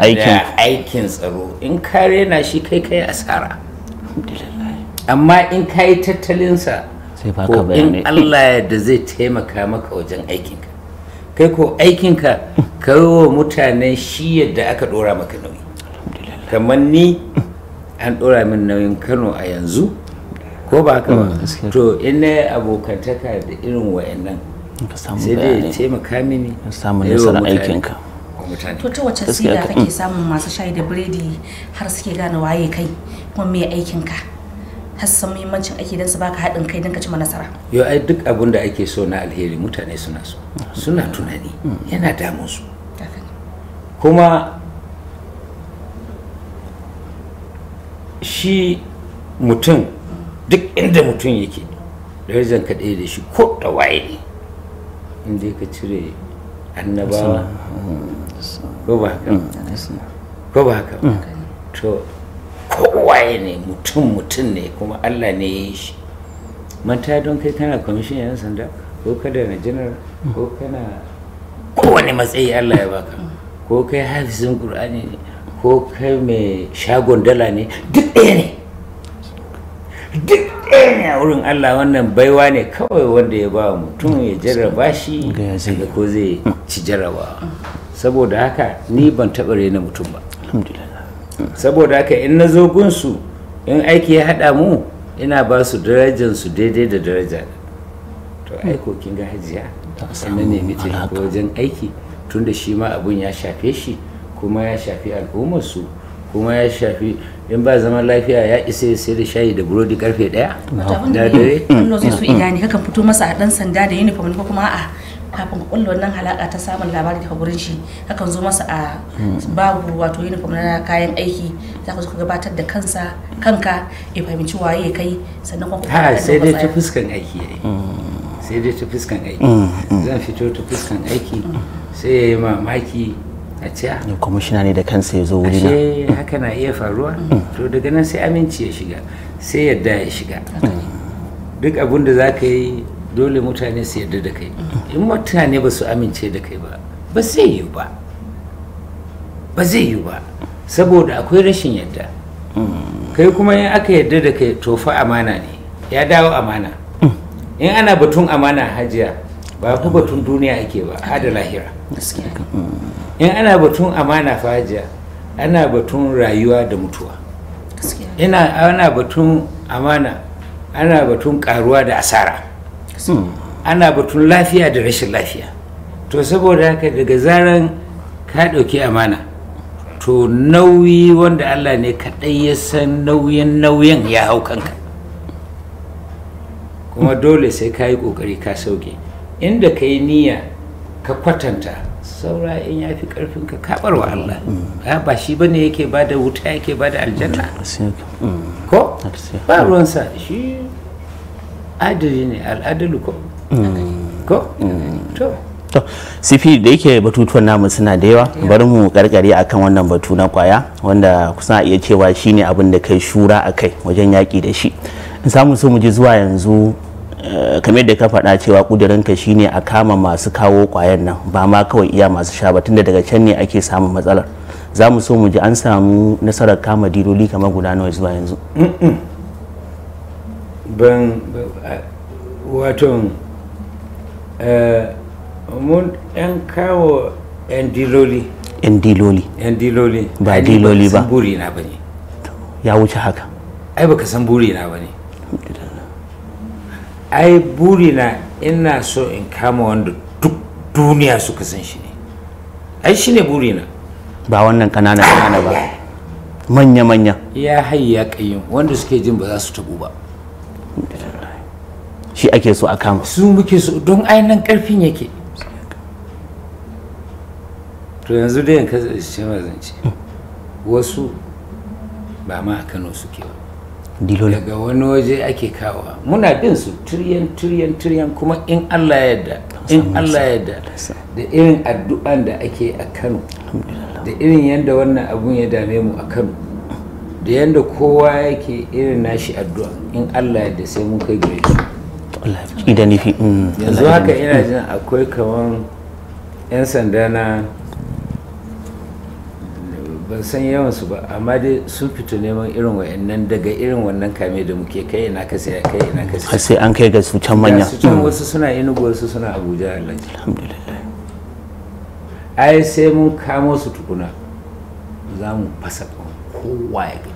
aikin tsaro in kare na shi kai kai asara amma in ka yi tattalinsa ko in allah da zai taimaka maka wajen aikinka kai ko aikinka ka yi wa mutanen shi yadda aka ɗora maka nauyi kamar ni an ɗora min nauyin kano a yanzu ko ba ka ba to in na abokantaka da irin wa'annan sai dai ce taimaka mini samun nasarar aikinka to ta wace sida kake mm. samun masu shayi da biredi har suke gane waye kai kuma me aikinka har san muhimmancin aiki don su baka haɗin kai don ka cima nasara yo ai duk abin da ake so na alheri mutane suna so suna tunani mm. yana damun su kuma shi mutum duk inda mutum yake darajar ka ɗaya da shi ko da waye ne inda ka cire annabawa ko ba haka ko ba haka mm. to ko waye ne mutum mutum ne kuma Allah ne ya yi shi manta don kai kana kwamishin yan sanda ko kada na janar ko kana kowane matsayi Allah ya baka ko kai hafizin Qur'ani ne ko kai mai shagon dala ne duk ɗaya ne duk ne a wurin Allah wannan baiwa ne kawai wanda ya ba mutum ya jarraba shi da ko zai ci jarraba saboda haka ni ban taɓa rena mutum ba saboda haka in na zo gunsu in aiki ya haɗa mu ina ba su darajansu daidai da daraja to aiko kin ga hajiya sannan ne mutum wajen aiki tunda shi ma abun ya shafe shi kuma ya shafi al'ummarsu kuma ya shafi in ba zaman lafiya ya isa sai da shayi da burodi karfe daya da dare no sai su iyani kakan fito masa a dan sanda da uniform ko kuma a kafin ka kulla wannan halaka ta samun labari daga gurin shi kakan zo masa a babu wato uniform na kayan aiki za ka zo ka gabatar da kansa kanka ya fahimci waye kai sannan kuma ha mm. sai dai ta fuskan aiki sai dai ta fuskan aiki zan fito ta fuskan aiki mm. sai ya yi mamaki a ce kwamishina ne da kansa ya zo wuri na haka na iya faruwa to daga nan sai aminci ya shiga sai yadda ya shiga duk abin da za ka yi dole mutane su yadda da kai in mutane ba su amince da kai ba ba zai yi ba ba zai yi ba saboda akwai rashin yadda kai kuma in aka yadda da kai to fa amana ne ya dawo amana hmm. in ana batun amana hajiya ba ku batun duniya ake ba har da lahira in ana batun amana fajiya ana batun rayuwa da mutuwa ina ana batun amana ana batun karuwa da asara ana batun lafiya da rashin lafiya to saboda haka daga zaran ka ɗauki amana to nauyi wanda allah ne kaɗai ya san nauyin nauyin ya hau kanka kuma dole sai ka yi ƙoƙari ka sauke inda ka yi niyya ka kwatanta saura in ya fi karfin ka kabar wa Allah mm. ah, ba shi ba ne yake ba da wuta yake ba da aljanna mm, mm. ko ba ruwansa shi adali ne al'adalu ko ko to to sifi da yake batutuwan namu suna da yawa bari mu karkare akan wannan batu na kwaya wanda kusan iya cewa shine abin da kai shura akai wajen yaki da shi in samu so mu ji zuwa yanzu kamar da ka faɗa cewa ƙudurinka shine a kama masu kawo ƙwayan nan ba ma kawai iya masu sha ba tunda daga can ne ake samun matsalar za mu so mu ji an samu nasarar kama diloli kamar guda nawa zuwa yanzu ban wato eh, mun yan kawo yan diloli yan diloli yan diloli ba diloli ba ya wuce haka ai baka san buri na ne. ai burina ina so in kama wanda duk duniya suka san shi ne ai shi ne burina ba wannan kanana kanana ba manya manya ya hayya kayyum wanda suke jin ba za su tabu ba shi ake so a kama su muke so don nan karfin yake to yanzu dai yanka zance wasu ba ma a kano suke ba daga wani waje ake kawa muna bin su tiriyan tiriyan tiriyan kuma in Allah ya yarda in Allah ya yarda da irin addu'an da ake a Kano da irin yadda wannan abun ya dame mu a Kano da yadda kowa yake irin nashi addu'a in Allah ya yarda sai mun kai gare shi idan mm, yanzu haka ina jin akwai kaman yan sanda na ban san yawan su ba amma dai sun fito neman irin wa'annan daga irin wannan kame da muke kai ina ka sai kai ina ka sai sai an kai ga su can manya su can wasu suna Enugu wasu suna Abuja alhamdulillah ai sai mun kamo su tukuna za mu fasa kowa ya ga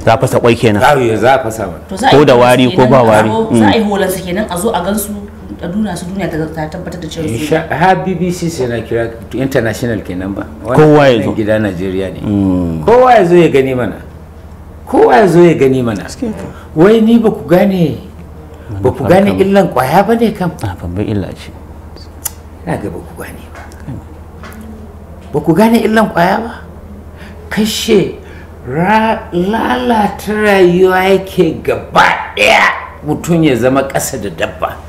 za fasa kwai kenan za fasa mana ko da wari ko ba wari za a yi mm. su kenan a zo a su a duniya su duniya ta tabbatar da cewa ha bbc sai na kira international kenan ba kowa ya zo gida najeriya ne hmm. kowa ya zo ya gani mana kowa ya zo ya gani mana wai ni ba ku gane ba ku gane illan kwaya ba ne kam a ah, babban illa ce ina ga ba ku gane ba ku gane illan kwaya ba kashe lalata rayuwa yake gaba daya mutum ya zama ƙasa da dabba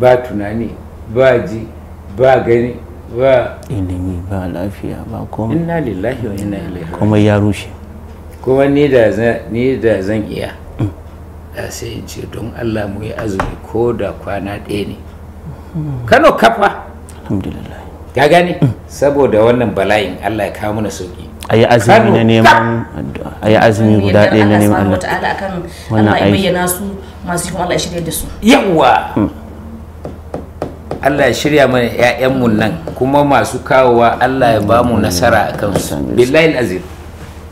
ba tunani ba ji ba gani ba ilimi ba lafiya ba komai inna lillahi wa inna ilaihi kuma ya rushe kuma ni da zan ni da zan iya mm. da sai in ce don Allah mu yi azumi ko da kwana ɗaya ne mm. Kano kafa alhamdulillah ka gani mm. saboda wannan bala'in Allah ya kawo mana sauki ayi azumi na neman ayi azumi guda ɗaya na neman Allah ta'ala kan Allah ya bayyana su masu yi Allah ya shirya da su yawwa Allah ya shirya mana mun nan kuma masu kawowa Allah ya bamu nasara a su. billahi azim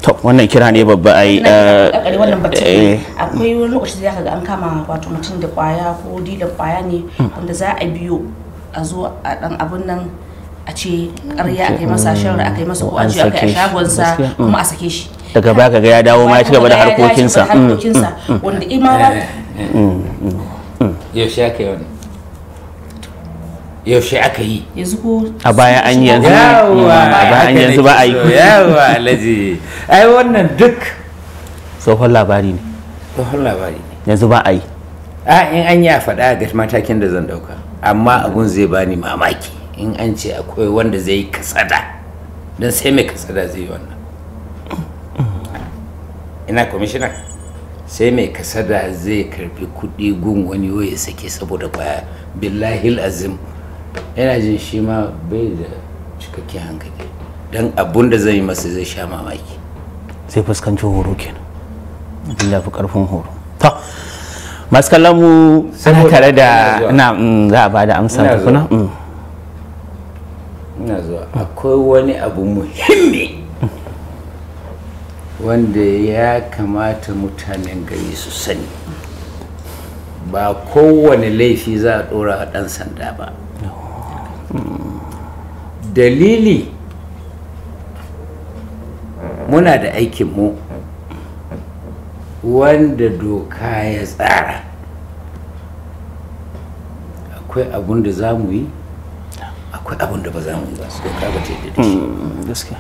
to wannan kira ne babba ai eh, wannan eh. akwai wani lokaci da ga an kama wato mutum da kwaya ko dilan kwaya ne hmm. wanda za a biyo a zo a dan abun nan a ce ƙarya a kai hmm. masa shawara a kai masa ko a ce a yi shagonsa hmm. kuma a sake shi daga baya kaga ya dawo ma ya ci gaba da harkokinsa wanda ima eh, yaushe aka yi wani yaushe aka yi a baya an yanzu mm, an yanzu ba a yi yawa alhaji ai wannan duk tsohon labari ne tsohon labari ne yanzu ba a yi a in an yi a faɗa ga matakin da zan ɗauka amma abun zai bani mamaki in an ce akwai wanda zai yi kasada don sai mai kasada zai yi wannan ina kwamishina sai mai kasada zai karbi kuɗi gun wani ya sake saboda kwaya billahi azim yana jin shi ma bai da cikakken hankali don abun da zai yi masa zai sha mamaki zai fuskanci horo kenan abin da fi karfin horo to masu kallon mu ana tare da na mm, za a bada amsa da kuna mm. ina zuwa akwai wani abu muhimmi wanda ya kamata mutanen gari su sani ba kowane laifi za a dora a dan sanda ba dalili muna da aikinmu wanda doka ya tsara akwai abun da za mu yi akwai abun da ba za mu yi ba su doka ba ta yadda da shi hmm,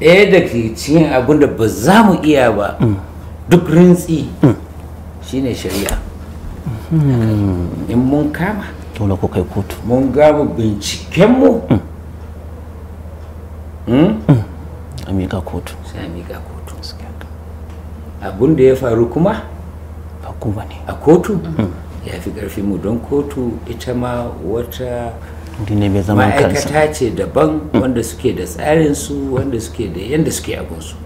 ɗaya da ke cikin abun da ba za mu iya ba hmm. duk rintsi hmm. shine shari'a in mun kama dole ko kai kotu mun gama bincikenmu Hmm? Hmm. a miƙa kotu sai a miƙa da ya faru kuma ba kuma ne a kotu hmm. ya fi ƙarfin mu don kotu ita ma wata ma'aikata ce daban wanda suke da tsarinsu wanda suke da yadda suke abinsu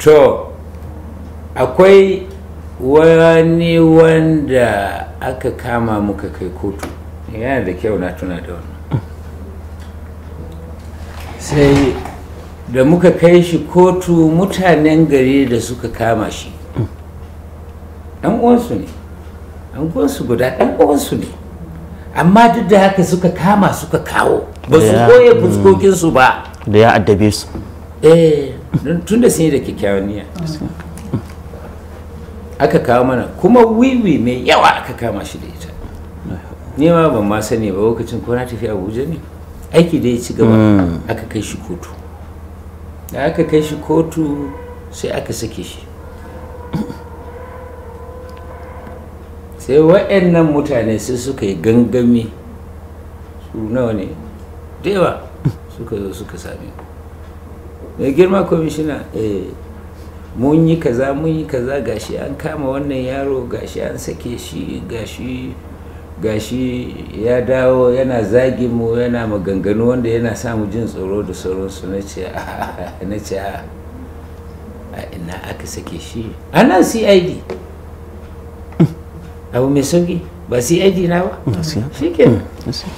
to akwai wani wanda aka kama muka kai kotu yana da kyau na tuna da wannan sai da muka kai shi kotu mutanen gari da suka kama shi ɗan uwansu ne ɗan uwansu guda ɗan uwansu ne amma duk da haka suka kama suka kawo ba su koye mm. fuskokinsu ba da ya addabe su eh tun da sun yi da kyakkyawan niyya aka kawo mana kuma wiwi mai yawa aka kama shi da ita ni ma ban ma sani ba lokacin ko na tafi abuja ne aiki da ya ci gaba hmm. aka kai shi kotu da aka kai shi kotu sai aka sake shi sai wa'annan mutane sai suka yi gangami su nawa ne da yawa suka zo suka sami mai girma kwamishina eh, mun yi kaza mun yi kaza gashi an kama wannan yaro gashi an sake shi gashi gashi ya dawo yana zagi mu yana maganganu wanda yana samu jin tsoro da sauransu na ce ah, na ce ah, a ina aka sake shi ana cid abu mai sauki ba cid na ba shi ke mm,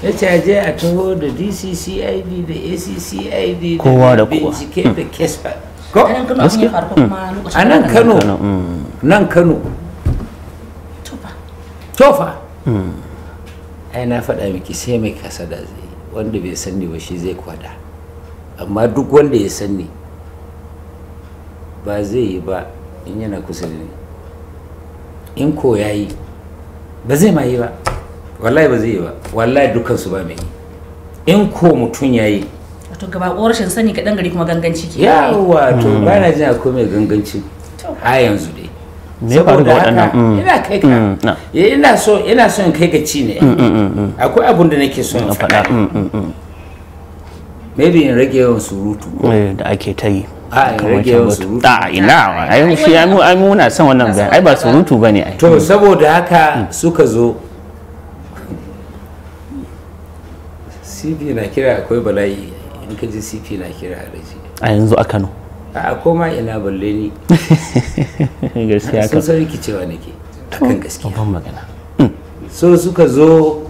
na ce aje a taho da dccid da accid kowa da bincike da kespa mm. ko mm. a nan kano nan kano tofa tofa ai na faɗa miki sai mai da zai wanda bai sanni ba shi zai kwada amma duk wanda ya sanni ba zai yi ba in yana kusa da ni in ko ya yi ba zai ma yi ba wallahi ba zai yi ba wallahi dukansu ba mai yi in ko mutum ya yi wato gaba ƙorashin sani kaɗan gari kuma ganganci ke yawa to hmm. ba na jin akwai mai ganganci a yanzu dai me ya faru da waɗannan mm. ina kai ka mm, eh, ina so ina so in kai ga ci ne mm, akwai abun da nake so in faɗa maybe in rage yawan surutu eh, da ake ta yi a rage yawan surutu a ina ai shi ai muna son wannan bayan ai ba surutu bane ai to saboda haka suka zo CP na kira akwai bala'i in ka ji CP na kira a yanzu a Kano a koma ina balle ni gaskiya ka sun cewa nake akan gaskiya ban magana hmm. so suka zo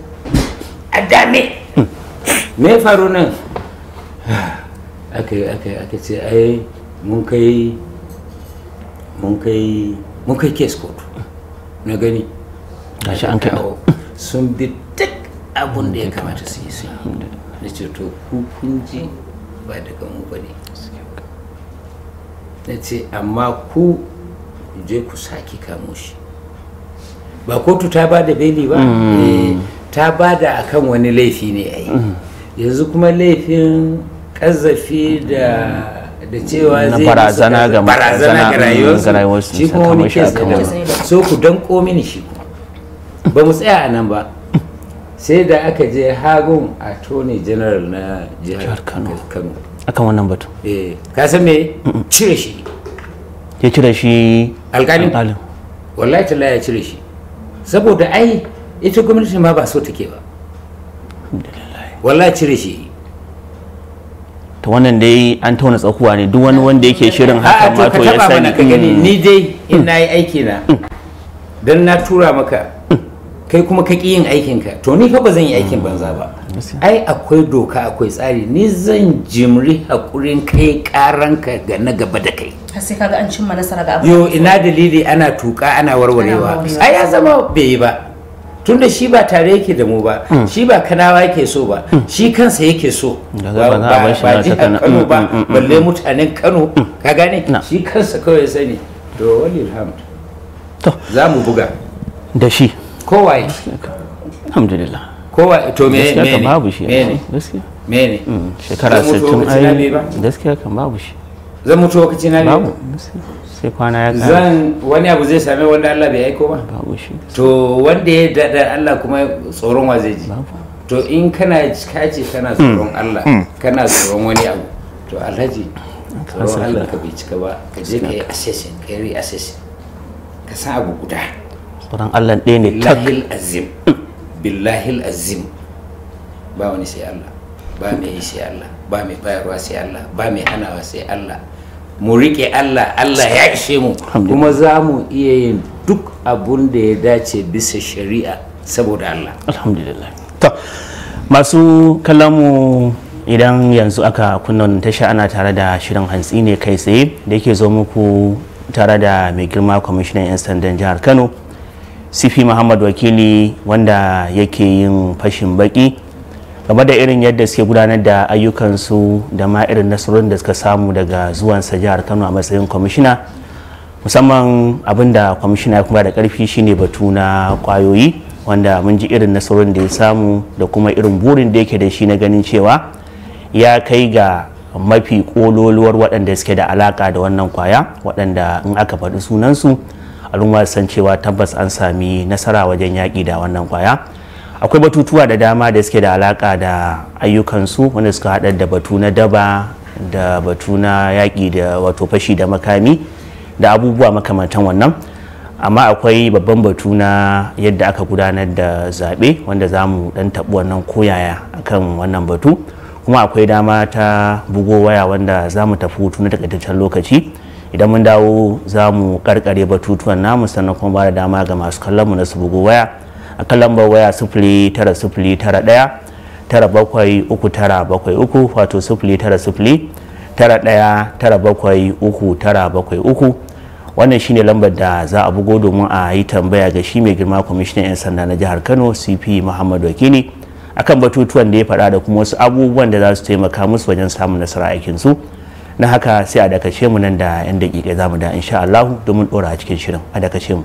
a dame hmm. me faru nan aka aka aka ce ai mun kai mun kai mun kai case court na gani gashi an kai sun bi duk abun da ya kamata su yi yi na ce to ku ba daga mu ba ne ta ce amma ku je ku sake kamo shi ba kotu ta bada da beli ba mm. eh, ta bada da akan wani laifi ne a mm. yanzu kuma laifin ƙazafi da da cewa zai barazana ga barazana ga rayuwarsu shi kuma wani kes da so ku dan mini shi ba mu tsaya a nan ba sai da aka je hagun a tone general na jihar kano akan wannan batu eh ka san me cire shi ya cire shi alƙalin wallahi ta ya cire shi saboda ai ita gwamnati ma ba so take ba wallahi cire shi ta wannan dai an tauna tsakuwa ne duk wani wanda yake shirin haka ma to ya sani mm. ni dai in nayi aiki na mm. dan na tura maka kai kuma ka ƙi yin aikinka to ni fa ba zan yi aikin mm. banza ba ai akwai doka akwai tsari ni zan jimri haƙurin kai karanka ga na gaba da kai sai kaga an cimma nasara ga abu yo ina dalili ana tuka ana warwarewa ai ya zama bai yi ba tunda shi ba tare yake da mu ba mm. shi ba kanawa yake so ba mm. shi kansa yake so ba jihar kano ba balle mutanen kano ka gane shi kansa kawai sani to walilhamd to za mu buga da shi kowaye alhamdulillah kowaye to me ne me babu shi gaskiya me ne mm, shekara 60 ai gaskiya kan babu shi zan mutu lokaci na babu sai kwana ya zan wani abu zai same wanda Allah bai aiko ba babu shi to wanda ya dada Allah kuma tsoron wa zai ji to in kana kace kana mm, tsoron Allah mm. kana tsoron wani abu to alhaji tsoron Allah ka bai cika ba ka je ka yi assessing ka yi assessing ka san abu guda tsoron Allah ɗaya ne tak azim billahi azim ba wani sai Allah ba mai yi sai Allah ba mai bayarwa sai Allah ba mai hanawa sai Allah mu rike Allah Allah ya ishe mu kuma za mu iya yin duk abun da ya dace bisa shari'a saboda Allah alhamdulillah to masu kalamu idan yanzu aka kunna tasha ana tare da shirin hantsi ne kai tsaye da yake zo muku tare da mai girma kwamishinan 'yan sandan jihar kano sifi muhammad wakili wanda yake yin fashin baki game da irin yadda suke gudanar da ayyukansu da ma irin nasarorin da suka samu daga zuwansa jihar kano a matsayin kwamishina musamman abin da kwamishina ya kuma da karfi shine batu na kwayoyi wanda mun ji irin nasarorin da ya samu da kuma irin burin da yake da shi na ganin cewa ya kai ga mafi kololuwar waɗanda suke da alaka da wannan kwaya waɗanda in aka faɗi sunansu al'umma san cewa tabbas an sami nasara wajen yaƙi da wannan kwaya akwai batutuwa da dama da suke da alaƙa da ayyukansu wanda suka haɗa da batu na daba da batu na yaƙi da wato fashi da makami da abubuwa makamantan wannan amma akwai babban batu na yadda aka gudanar da zaɓe wanda za mu ɗan taɓi wannan koyaya akan wannan batu kuma akwai dama ta bugo waya wanda za mu tafi hutu na takaitaccen lokaci idan mun dawo za mu karkare batutuwan namu sannan kuma ba da dama ga masu kallon mu na su bugu waya a lambar waya sufuri tara sufuri tara ɗaya tara bakwai uku tara bakwai uku wato sifili tara sufuri tara ɗaya tara bakwai uku tara bakwai uku wannan shine lambar da za a bugo domin a yi tambaya ga shi mai girma kwamishinan 'yan sanda na jihar kano cp muhammad wakili akan batutuwan da ya faɗa da kuma wasu abubuwan da za su taimaka musu wajen samun nasara aikinsu su na haka sai a dakace mu nan da 'yan dakika za mu da insha Allah domin ɗora a cikin shirin a dakace mu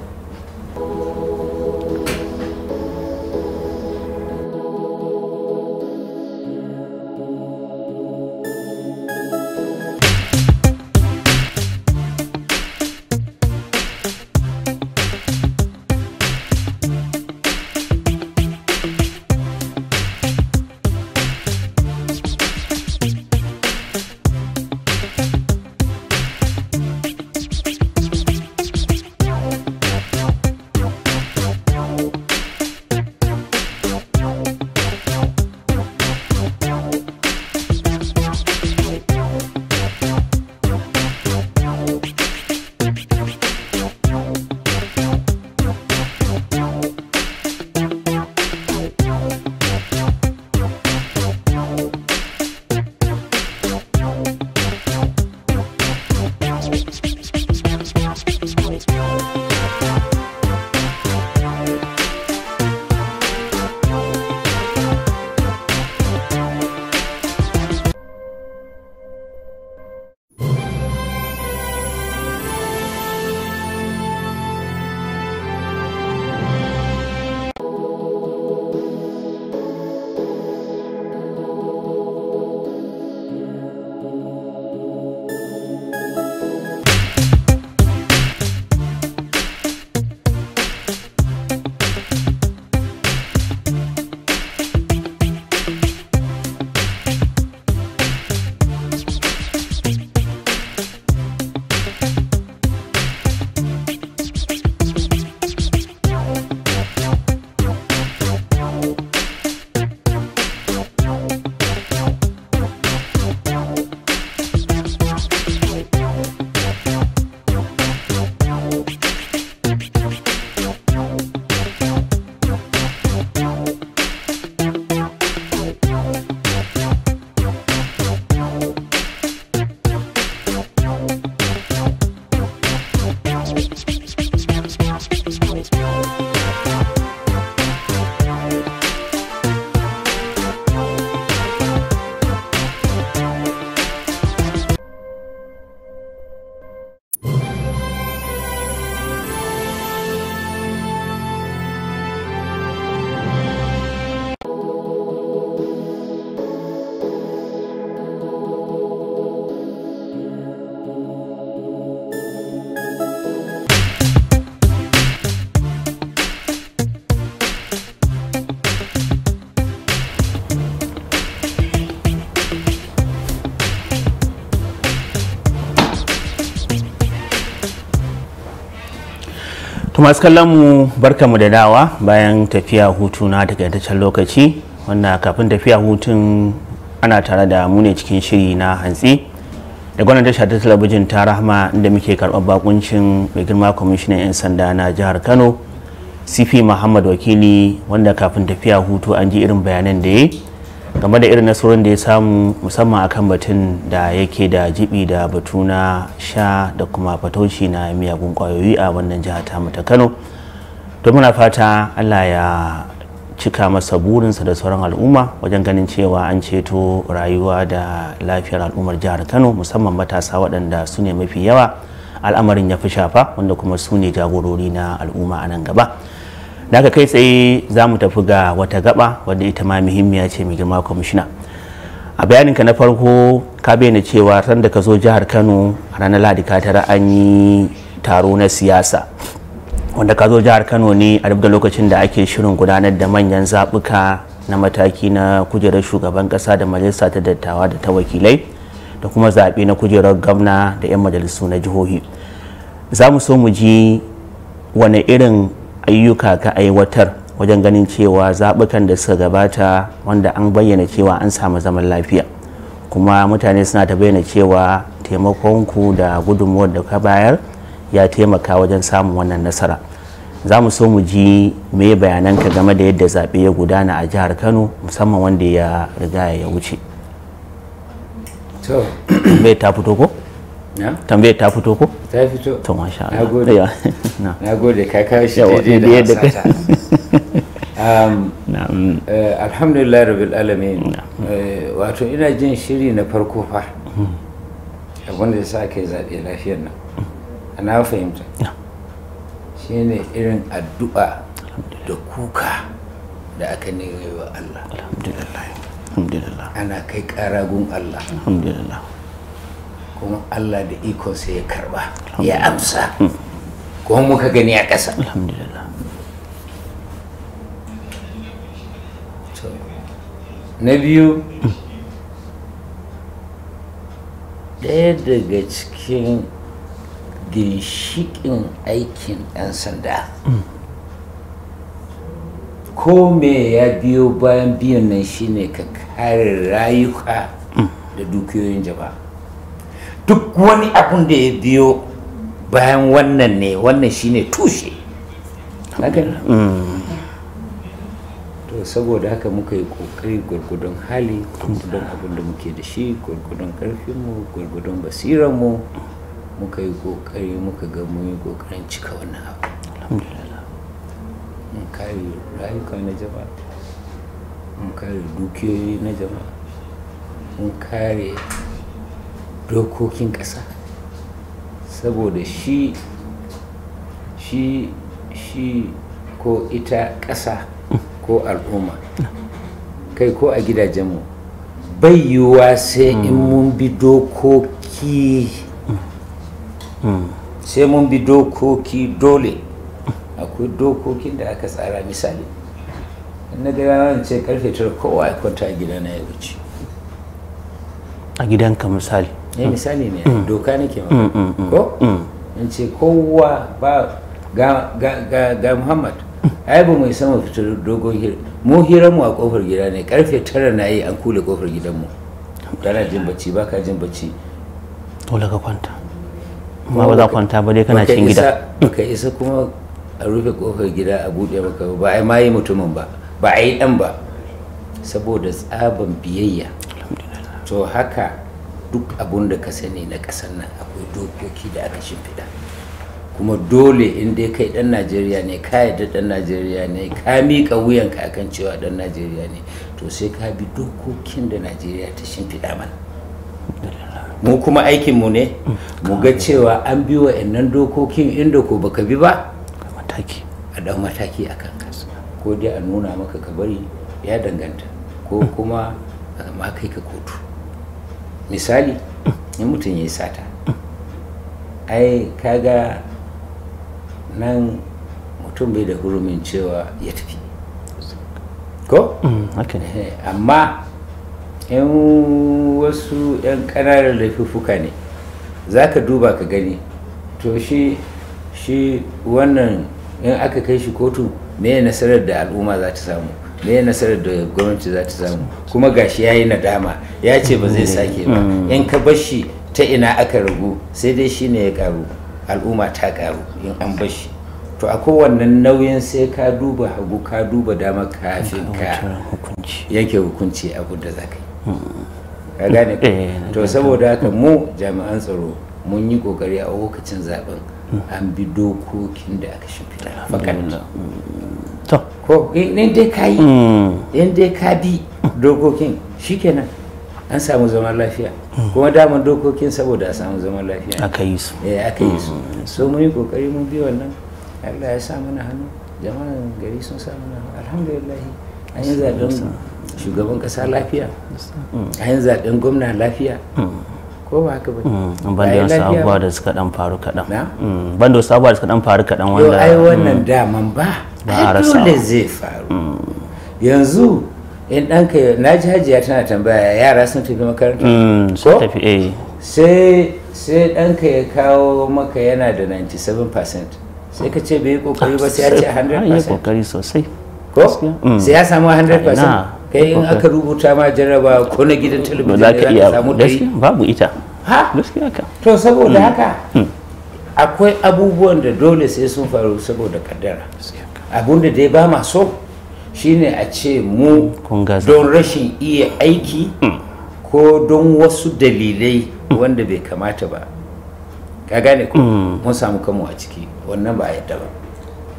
masu kallon mu barka mu da dawa bayan tafiya hutu na takaitaccen lokaci wanda kafin tafiya hutun ana tare da mu ne cikin shiri na hantsi da gwamnan tasha ta talabijin ta rahma inda muke karɓar bakuncin mai girma kwamishinan 'yan sanda na jihar kano cp muhammad wakili wanda kafin tafiya hutu an ji irin bayanan da ya yi game da irin nasarorin da ya samu musamman akan batun da yake da jibi da batu na sha da kuma fatoshi na miyagun kwayoyi a wannan jihar ta mata kano to muna fata allah ya cika masa burinsa da sauran al'umma wajen ganin cewa an ceto rayuwa da lafiyar al'ummar jihar kano musamman matasa waɗanda su ne mafi yawa al'amarin ya fi shafa wanda kuma su ne jagorori na al'umma a nan gaba da aka kai tsaye za mu tafi ga wata gaba wadda ita ma muhimmiya ce mai girma kwamishina a bayaninka na farko ka bayyana cewa ran da ka zo jihar kano a ranar ladi ka tara an yi taro na siyasa wanda ka zo jihar kano ne a duk da lokacin da ake shirin gudanar da manyan zaɓuka na mataki na kujerar shugaban ƙasa da majalisa ta dattawa da ta wakilai da kuma zaɓe na kujerar gwamna da 'yan majalisu na jihohi za mu so mu ji wane irin ayyuka ka aiwatar wajen ganin cewa zaɓukan da suka gabata wanda an bayyana cewa an samu zaman lafiya kuma mutane suna ta bayyana cewa taimakonku da gudunmuwar da ka bayar ya taimaka wajen samun wannan nasara za mu so mu ji me bayananka game da yadda zaɓe ya gudana a jihar kano musamman wanda ya riga ya wuce bai ta fito ko? tambayar ta fito ko ta fito to masha Allah na gode kai kai shi daidai da hasata um, eh, alhamdulillah rabbil alamin eh, wato ina jin shiri na farko fa hmm. abinda ya sa ake yi zaɓe lafiyar nan ana hmm. fahimta shine irin addu'a da kuka da aka nemi wa Allah alhamdulillah ana kai ƙaragun Allah alhamdulillah kuma Allah da ikonsa ya karba ya amsa hmm. kuma muka gani a ƙasa alhamdulillah na biyu hmm. ɗaya daga cikin ginshiƙin aikin ɗan sanda hmm. ko me ya biyo bayan biyan nan shine ka kare rayuka da dukiyoyin jama'a duk wani abun da ya biyo bayan wannan ne wannan shine tushe mm. to saboda haka muka yi kokari gwargwadon hali gwargwadon abin da muke da shi gwargwadon karfinmu gwargwadon basiranmu muka yi kokari muka ga mun yi kokarin cika wannan abu alhamdulillah mun kare rayuka na jama'a mun kare dukiyoyi na jama'a mun kare dokokin ƙasa saboda shi shi shi ko ita ƙasa ko al'umma kai ko a gidajenmu bai yiwuwa sai in mm. mun bi dokoki mm. sai mun bi dokoki dole akwai dokokin da aka tsara misali na gida ce karfe tara kowa ya kwanta a gida na ya wuce a gidanka misali ne misali ne mm. doka nake mm, ma mm, ko in ce kowa ba ga muhammad ai ba mai sama fitar dogon hira mu hira mu a kofar gida ne karfe tara na yi an kule kofar gidanmu kana jin bacci ba ka jin bacci to ka kwanta amma ba za kwanta ba dai kana cikin gida ka isa kuma a rufe kofar gida a buɗe maka ba ai mai mutumin ba ba a yi ɗan ba saboda tsaban biyayya to haka duk abun da ka sani na ƙasar nan akwai dokoki da aka shimfiɗa kuma dole in dai kai ɗan najeriya ne ka yadda ɗan najeriya ne ka miƙa wuyanka akan cewa ɗan najeriya ne to sai ka bi dokokin da najeriya ta shimfiɗa mana mu kuma aikinmu ne mu ga cewa an bi wa dokokin inda ko baka bi ba a dau mataki a kanka ko dai a nuna maka ka bari ya danganta ko kuma ma kai ka kotu misali in mutum ya yi sata ai kaga nan mutum bai da hurumin cewa ya tafi ko? Mm, eh, amma yan wasu yan kananan laifuka ne za ka duba ka gani to shi shi wannan in aka kai shi kotu me nasarar da al'umma za ta samu me nasarar da gwamnati za ta samu kuma gashi ya yi nadama ya ce ba zai sake ba mm. in ka bashi ta ina aka ragu sai dai shi ne ya karu al'umma ta karu in an bashi to a kowannan nauyin sai ka duba hagu ka duba dama kafin ka yanke hukunci abu da za ka yi mm. ka gane eh, to saboda haka mu jami'an tsaro mun yi kokari a lokacin zaben mm. an bi dokokin da aka shimfiɗa fakat to ko eh, in dai ka yi hmm. in dai ka bi dokokin shikenan an samu zaman lafiya hmm. kuma damar dokokin saboda a samu zaman lafiya aka yi su eh, aka yi su hmm. so mun yi kokari mun bi wannan Allah ya sa mana hannu jama'an gari sun sa mana alhamdulillah an yi zaben shugaban kasa lafiya an yi zaben gwamna lafiya ko ba haka ba mm, mm, ban da wasu abubuwa da suka dan faru kaɗan ban da wasu abubuwa da suka dan faru kaɗan wanda ai wannan mm, daman ba ba a rasa dole zai faru yanzu in ɗanka na ji hajiya tana tambaya yara sun tafi makaranta ko eh. sai sai ɗanka ya kawo maka yana da 97% sai ka ce bai kokari ba sai ya ce 100% kokari ah, sosai ko sai ya samu 100% kai in aka rubuta ma jaraba ko na gidan talabijin za ka iya samu dari babu ita ha gaskiya ka to saboda hmm. haka hmm. akwai abubuwan da dole sai sun faru saboda kaddara abun da dai ba ma so shine a ce mu don rashin iya aiki hmm. ko don wasu dalilai wanda bai kamata ba ka gane ko mun samu kanmu a ciki wannan ba a yadda ba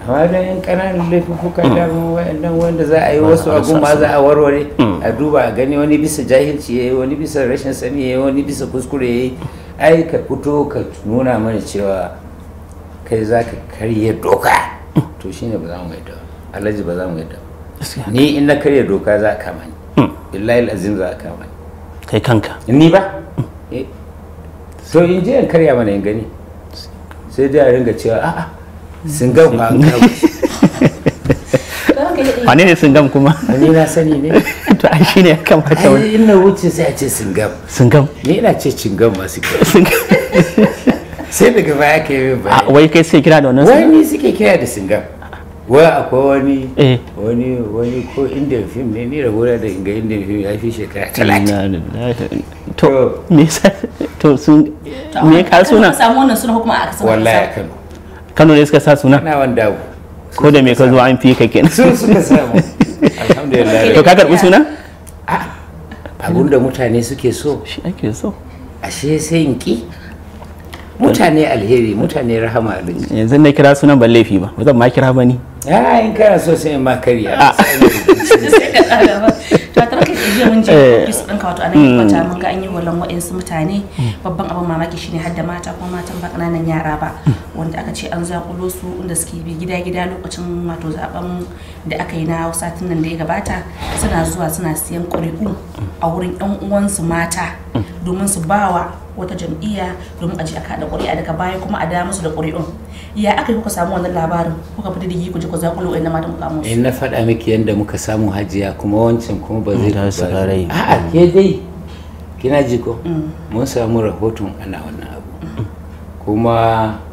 amma don yan ƙananan laifuka mm. damu wa'annan wanda za a yi wasu abun ma za a warware mm. a duba a gani wani bisa jahilci ya yi wani bisa rashin sani ya yi wani bisa kuskure ya yi ai ka fito ka nuna mana cewa kai za ka karye doka mm. to shine ba za mu yi da alhaji ba za mu yi da ni in na karya doka za a kama ni billahi azim za a kama ni kai kanka ni ba eh. to in je in karya mana in gani sai dai a ringa cewa a'a singam ba wane ne singam kuma wani na sani ne to ai shine ya kamata wani na wuce sai a ce singam singam ne ina ce cingam masu singam sai daga baya ke yi ah, ba wai kai suke kira da wannan wani suke kira da singam wai akwai wani eh. wani wani ko indian film ne ni rabona da inga indian film ya fi shekara talatin to me to sun me ka suna samu wannan suna kuma a kasa wallahi kano kano ne suka sa suna na wanda ko da me ka zo an fi ka kenan sun suka mu alhamdulillah to ka karbi suna a ah, abun da mutane suke so shi ake so ashe sai in ki mutane alheri mutane rahama alheri yanzu na kira sunan ban laifi ba ba zan ma kira ba ni a ah, in kana so sai ma kariya ah. jiya mun je eh. ofis ɗin kawato a nan kwata hmm. mun ga an yi holan waɗansu mutane hmm. babban abin mamaki shine har da mata kuma matan ba ƙananan yara ba hmm. wanda aka ce an kulo su inda suke bi gida gida lokacin wato zaɓen da aka yi na satin nan da ya gabata suna zuwa suna siyan ƙuri'u a wurin 'yan uwansu mata domin su bawa wata jam'iyya domin a ji a kada ƙuri'a daga baya kuma a da musu da ƙuri'un ya aka yi kuka samu wannan labarin kuka fi digi ku ji ku zaƙulo wa'in matan muka musu. in eh, na faɗa miki yadda muka samu hajiya kuma wancan kuma ba zai mm, tashi a'a ke dai kina ji ko mm. mun samu rahoton ana wannan abu mm. kuma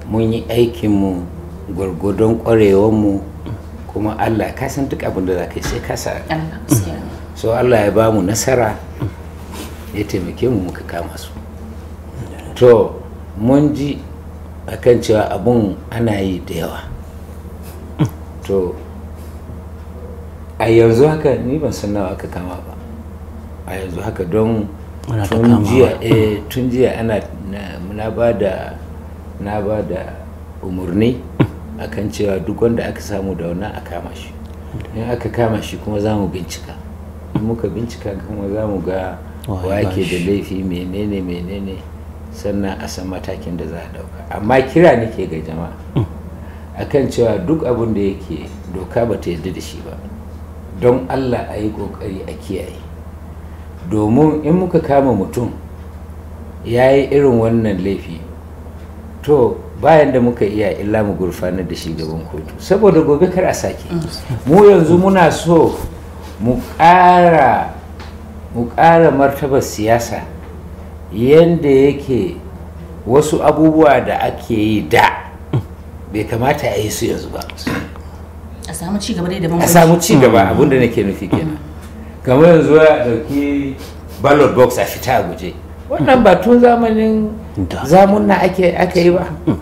mun yi aikinmu gwargwadon mu kuma allah ka san duk abin da za yi sai ka sa so allah ya ba mu nasara ya taimake mu muka kama su to mun ji akan cewa abun ana yi da yawa to a yanzu haka ni ban san nawa aka kama ba a yanzu haka don eh, tun jiya ana na ba da na ba da umarni akan cewa duk wanda aka samu da wannan a kama shi in aka kama shi kuma za mu bincika in muka bincika kuma za mu ga wa ke da laifi menene menene sannan a san matakin da za a dauka amma kira nake ga jama'a akan cewa duk abin da yake doka ba ta yarda da shi ba don allah a yi kokari a kiyaye domin in muka kama mutum ya yi irin wannan laifi to bayan da muka iya illa mu gurfanar da shi gaban kotu saboda gobe kar a sake mu yanzu muna so mu ƙara mu ƙara martabar siyasa yadda yake wasu abubuwa da ake yi da bai kamata a yi su yanzu ba a samu ci gaba da a samu ci gaba hmm. nufi hmm. kenan kamar yanzu ya dauki ballot box a fita a guje wannan ba tun zamanin na ake aka yi ba hmm.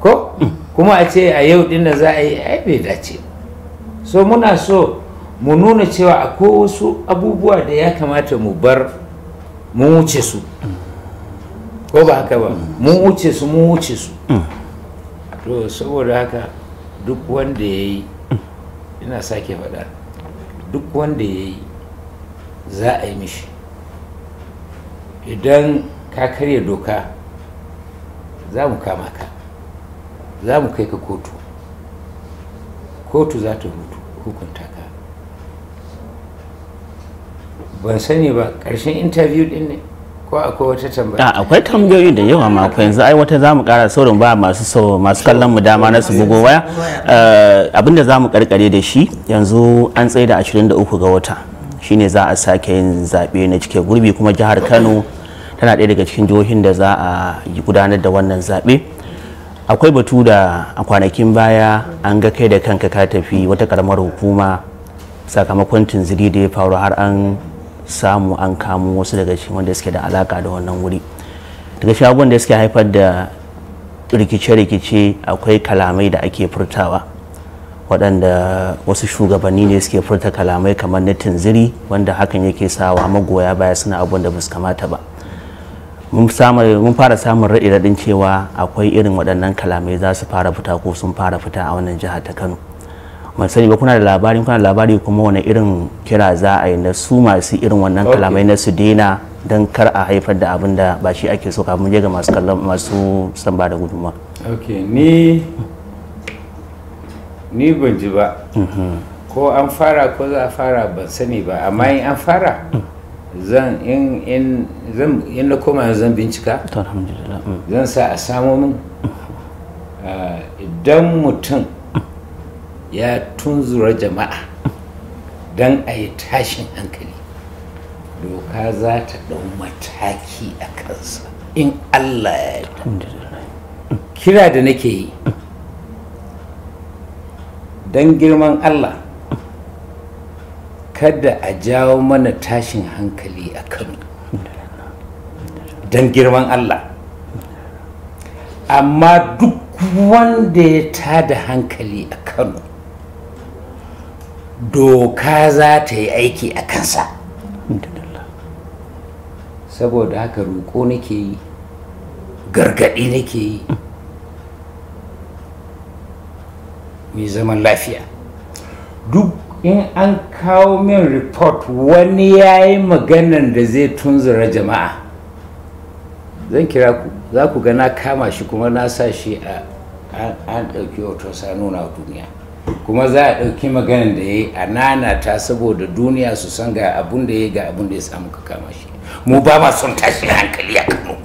ko kuma a ce a yau din za a yi ai bai dace so muna so mu nuna cewa akwai wasu abubuwa da ya kamata mu bar mun wuce su ko ba haka ba mun wuce su mun wuce su mm. to saboda haka duk wanda ya yi ina sake faɗa duk wanda ya yi za a yi mishi idan ka karya doka za mu kama ka za mu kai ka kotu kotu za ta hutu hukunta ka ban sani ba ƙarshen interview din ne ko akwai wata tambaya ah, akwai tambayoyi da yawa ma akwai yanzu ai wata zamu kara saurin ba masu so masu kallon mu dama na su bugo waya eh, abinda zamu karkare da shi yanzu an tsaye da 23 ga wata shine za a sake yin zaɓe na cike gurbi kuma jihar Kano tana ɗaya daga cikin jihohin da za a gudanar da wannan zaɓe akwai batu da a kwanakin baya an ga kai da kanka ka tafi wata karamar hukuma sakamakon tunziri da ya faru har an samu an kamo wasu daga cikin wanda suke da alaka da wannan wuri daga shagon da suke haifar da rikice-rikice akwai kalamai da ake furtawa waɗanda wasu shugabanni ne suke furta kalamai kamar na tunziri wanda hakan yake sawa magoya baya suna abun da basu kamata ba mun fara samun raɗi-raɗin cewa akwai irin waɗannan kalamai za su fara fita ko sun fara fita a wannan jihar ta kano ban sani ba kuna da labari kuna da labari kuma wani irin kira za a yi na su masu irin wannan kalamai na su daina don kar a haifar da abin da ba shi ake so kafin je ga masu kallon masu san ba da guduma ok ni ni ban ji ba mhm. ko an fara ko za a fara ban sani ba amma in an fara zan in in zan in na koma zan bincika mm. zan sa a samo min mm. ah, idan mutum ya tunzura jama'a don a yi tashin hankali doka za ta ɗau mataki a kansa in allah ya kira da nake yi don girman allah kada a jawo mana tashin hankali a kano don girman allah amma duk wanda ya tada hankali a kano doka za ta yi aiki a kansa saboda haka roƙo nake yi gargaɗi nake yi mai zaman lafiya duk in an kawo min report wani ya yi maganan da zai tunzura jama'a zan kira ku za ku ga na kama shi kuma na sa shi a an ɗauki hoton sa nuna duniya kuma za a ɗauki maganin da ya yi a nanata saboda duniya su san ga abun da ya yi ga abun da ya samu ka kama shi mu ba ma son tashin hankali a kano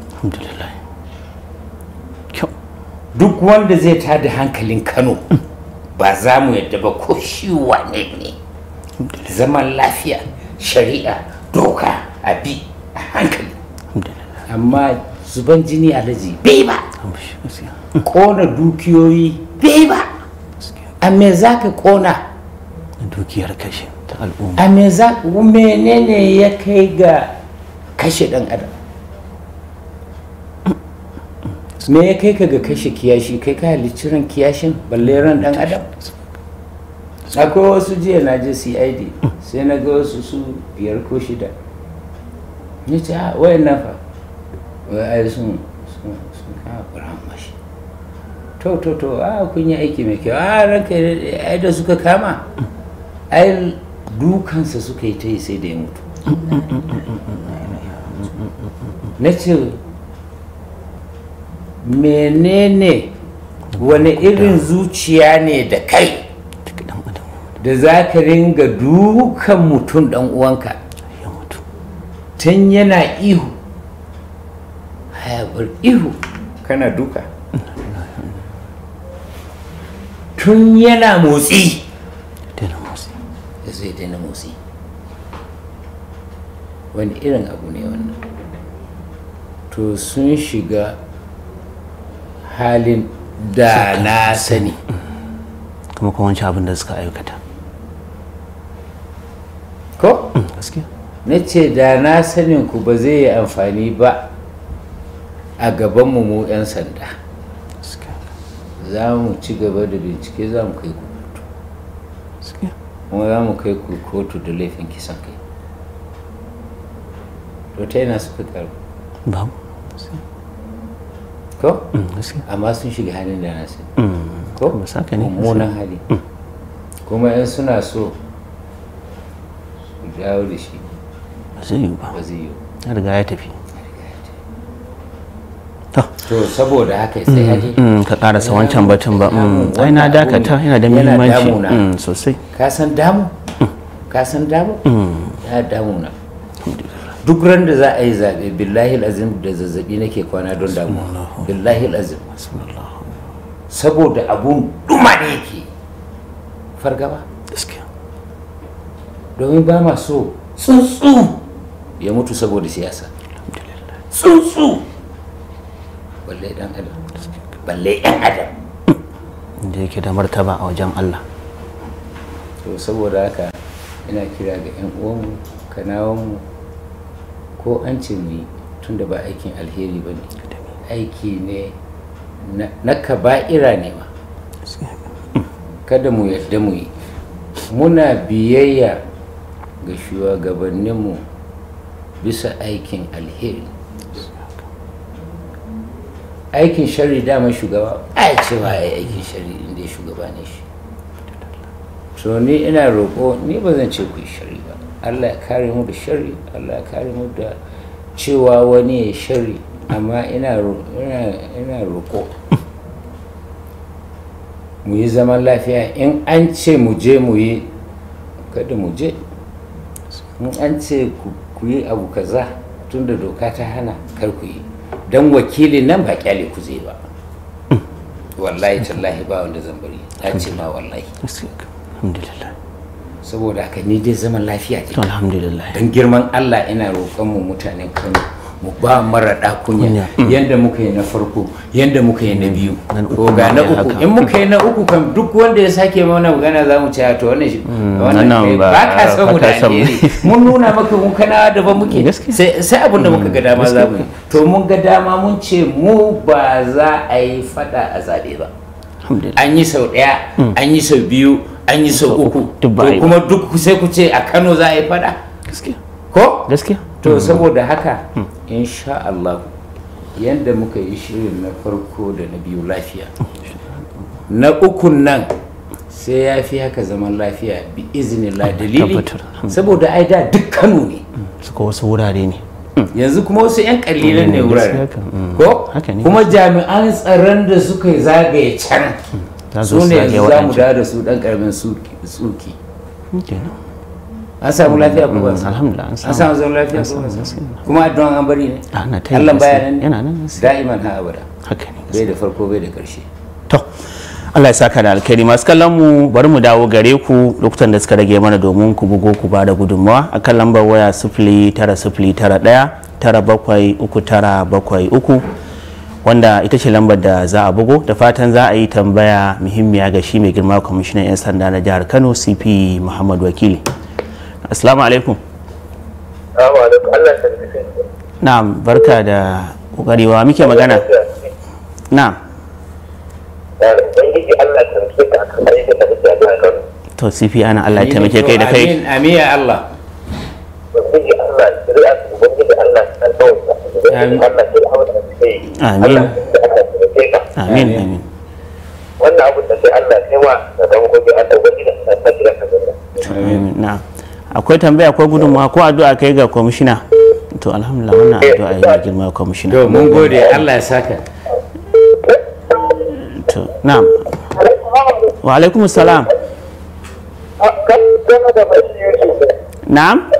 duk wanda zai ta da hankalin kano ba za mu yadda ba ko shi wane ne zaman lafiya shari'a doka abi a hankali amma zuban jini alaji bai ba ƙona dukiyoyi bai ba a me za ka kona dukiyar kashe ta al'umma a me za menene ya kai ga kashe dan adam me ya kai ka ga kashe kiyashi kai ka halicci ran kiyashin balle ran dan adam akwai wasu jiya na je cid sai na ga wasu su biyar ko shida ni ce a ah, wayan nafa wai ai sun to to to a kun yi aiki mai kyau a ranka ai da suka kama ai dukansa suka yi ta yi sai da ya mutu na ce menene wani irin zuciya ne da kai da za ka ringa dukan mutum dan uwanka tun yana ihu hayabar ihu kana duka tun yana motsi daina motsi da zai daina motsi wani irin abu ne wannan to sun shiga halin da na sani kuma kuma wancan abin da suka aikata ko? Mm, gaskiya na ce da na sanin ku ba zai yi amfani ba a gabanmu mu 'yan sanda za mu ci gaba da bincike za mu kai ku kotu kuma za mu kai kotu da laifin kisan kai to ta yana fitar ba mu ko mm, amma sun shiga halin da nasi mm, ko mummunan hali mm. kuma yan suna so su dawo da shi ba zai yi ba ba zai yi ya riga ya tafi to saboda haka sai mm, haji mm, ka karasa wancan batun ba mm, ai na dakata yana da muhimmanci sosai ka san damu ka san damu ya damu na duk ran da za a yi zaɓe billahi azim da zazzabi nake kwana don damu billahi azim saboda abun duma ne yake fargaba domin ba ma so tsuntsu ya mutu saboda siyasa tsuntsu balle dan adam balle da yake da martaba a wajen Allah to saboda haka ina kira ga yan uwanmu mu ko an ce mu tunda ba aikin alheri ba aiki ne na kaba'ira ne ma kada mu yadda mu yi muna biyayya ga shugabanninmu bisa aikin alheri aikin shari dama shugaba ba ya cewa ya aikin shari inda ya shugaba ne shi so ni ina roƙo ni ba zan ce ku yi shari ba allah ya kare mu da shari allah ya kare mu da cewa wani ya shari amma ina roƙo mu yi zaman lafiya in an ce mu je mu yi kada mu je in an ce ku yi abu kaza tunda doka ta hana kar ku yi don wakilin nan ba kyale ku zai ba wallahi tallahi ba wanda zan bari ta ce ma wallahi alhamdulillah saboda haka ni dai zaman lafiya ke alhamdulillah dan girman Allah ina roƙon mu mutanen Kano mu ba mara kunya hmm. yanda muka yi na farko yanda muka yi na biyu ko ga na uku in muka yi na uku kan duk wanda ya sake mana magana za mu ce to wannan shi hmm, ba ka samu da da mun nuna maka mun kana da ba muke sai abin da muka ga hmm, dama za mu to mun ga dama mun ce mu ba za a yi fada a zabe ba an yi sau daya an yi sau biyu an yi sau uku to kuma duk sai ku ce a Kano za a yi fada gaskiya ko gaskiya to hmm. saboda haka hmm. insha Allah yadda muka yi shirin na farko da na biyu lafiya na ukun nan sai ya fi haka zaman lafiya bi izinila dalili hmm. saboda ai da duk kano ne suka wasu wurare ne yanzu kuma wasu 'yan kalilan ne wurare ko kuma jami'an tsaron da suka zagaye can su ne yanzu za mu da su dan karamin suki an samu lafiya ko ba alhamdulillah an samu zaman lafiya ko ba kuma addu'an an bari ne ana ah, ta Allah baya nan yana nan da'iman ha abada haka ne bai da farko bai da karshe to Allah ya saka da alkhairi masu kallon mu bari mu dawo gare ku lokutan da suka rage mana domin ku bugo ku ba da gudunmawa akan lambar waya 0991 uku wanda ita ce lambar da za a bugo da fatan za a yi tambaya muhimmiya ga shi mai girma kwamishinan 'yan sanda na jihar kano cp muhammad wakili assalamu alaikum na'am barka da kokari wa muke magana na'am to sifi ana Allah ya taimake kai da kai amin amin ya Allah amin amin amin amin wannan abu da sai Allah wa da gobe Allah da na'am akwai tambaya akwai gudunmawa ko addu'a kai ga kwamishina to alhamdulillah wannan eh, addu'a ya girma kwamishina to mun gode Allah ya saka to na'am wa alaikum salam na'am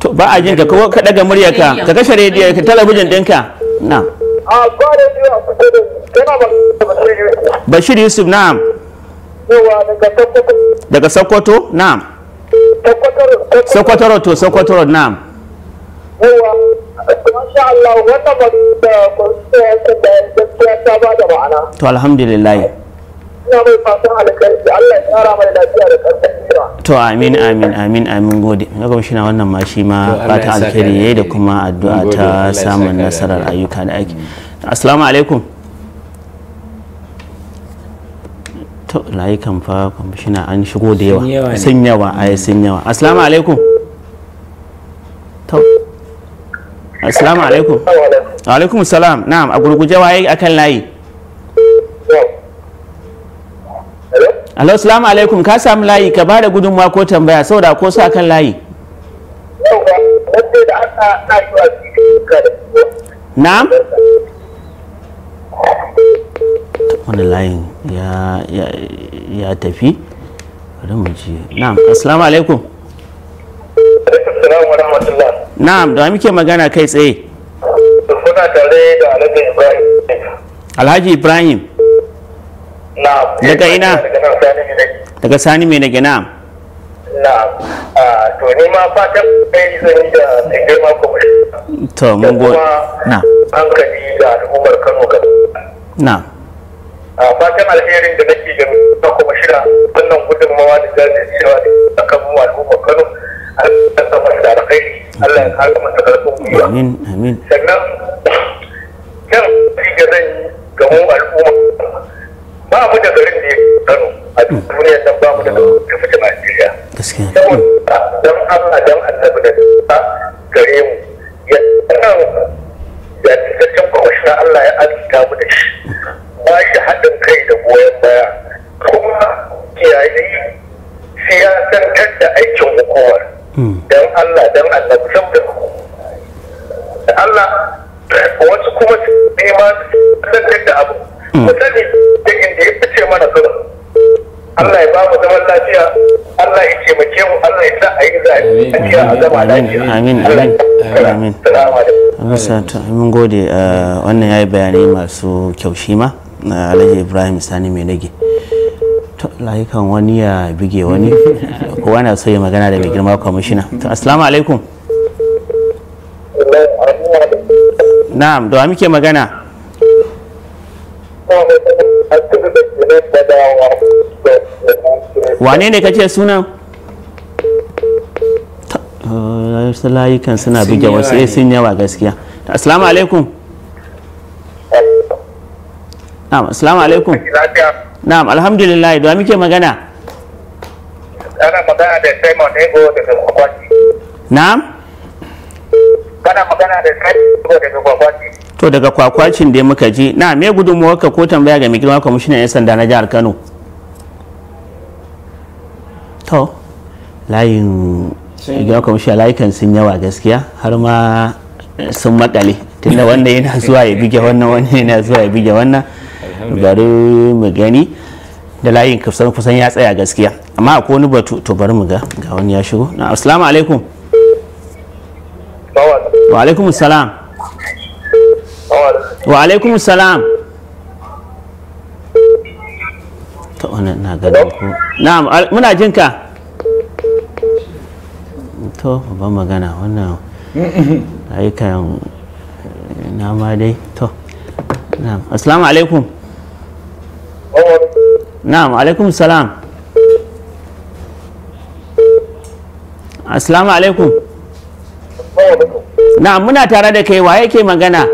to ba a jinka ko ka daga muryarka ka kashe rediyo ka talabijin ɗinka na'am ah, Bashir Yusuf na'am daga sokoto na'am sokoto to sokoto na'am to alhamdulillah ina mai fatan alƙarfi Allah ya tsara mai lafiya da ƙarfin to amin amin amin amin gode na gwamshi na wannan ma shi ma fatan alkhairi yayi da kuma addu'a ta samun nasarar ayyuka da ake assalamu alaikum to layi kan fa kwamishina an shigo da yawa sun yawa ai sun yawa assalamu alaikum to assalamu alaikum alaikum salam na'am a gurguje waye akan layi allo. assalamu alaikum ka samu layi ka bada gudunmuwa ko tambaya saboda ko sa kan layi. Na'am? wani layin ya tafi bari mu ji na'am assalamu alaikum na'am da muke magana kai tsaye kuna tare da alhaji ibrahim alhaji ibrahim na'am daga ina daga sani mai nage na'am na'am ah, to ni ma fatan kai zai yi da girma kuma to mun gode na'am hankali da al'ummar kano gaba na'am a fatan alherin da nake da da kuma shirya wannan gudunmawa da cewa da akan mu al'ummar Kano Allah ya masa da alkhairi Allah ya kare masa karfin gwiwa amin amin sannan kan ga zan ga mu al'umma ba mu da garin da ya Kano a mm. duniyar nan ba mu da garin da fita Najeriya gaskiya saboda dan Allah dan Annabi da gare mu ya kan da cikakken kwamishin Allah ya azurta mu da shi ba shi haɗin kai da goyon baya kuma kiyaye siyasantar da aikin hukumar hmm. don Allah don Allah saboda da Allah wasu kuma su nema siyasantar da abu misali hmm. da inda ya fice mana kuma Allah ya ba mu zaman lafiya Allah ya mace mu Allah ya sa a yi zaɓi a cikin azaba lafiya amin amin amin amin gode eh, wannan ya yi bayanai masu kyau shi ma alhaji ibrahim sani mai nage to layukan wani ya bige wani kowa na so ya magana da mai girma kwamishina to assalamu alaikum na'am da muke magana wane ne kace sunan eh, layukan suna bige wasu eh, sun yawa gaskiya assalamu alaikum na'am assalamu alaikum na'am alhamdulillah da muke magana ana magana da Simon Ego daga Kwakwati na'am kana magana da Simon Ego daga Kwakwati to daga kwakwacin da muka ji na me gudunmuwar ka ko tambaya ga mai girma kwamishinan 'yan sanda na jihar Kano to layin igiya kwamishin layukan sun yawa gaskiya har ma sun makale tunda wannan yana zuwa ya bige wannan wannan yana zuwa ya bige wannan bari mu gani da layin kusan kusan ya tsaya gaskiya amma akwai wani batu to bari mu ga ga wani ya shigo na assalamu alaikum wa alaikum salam wa alaikum salam ta wani na ganin ku na muna jinka to babban magana wannan ayyukan na ma dai to assalamu alaikum na'am alaikum salam assalamu alaikum na'am muna tare da kai waye ke magana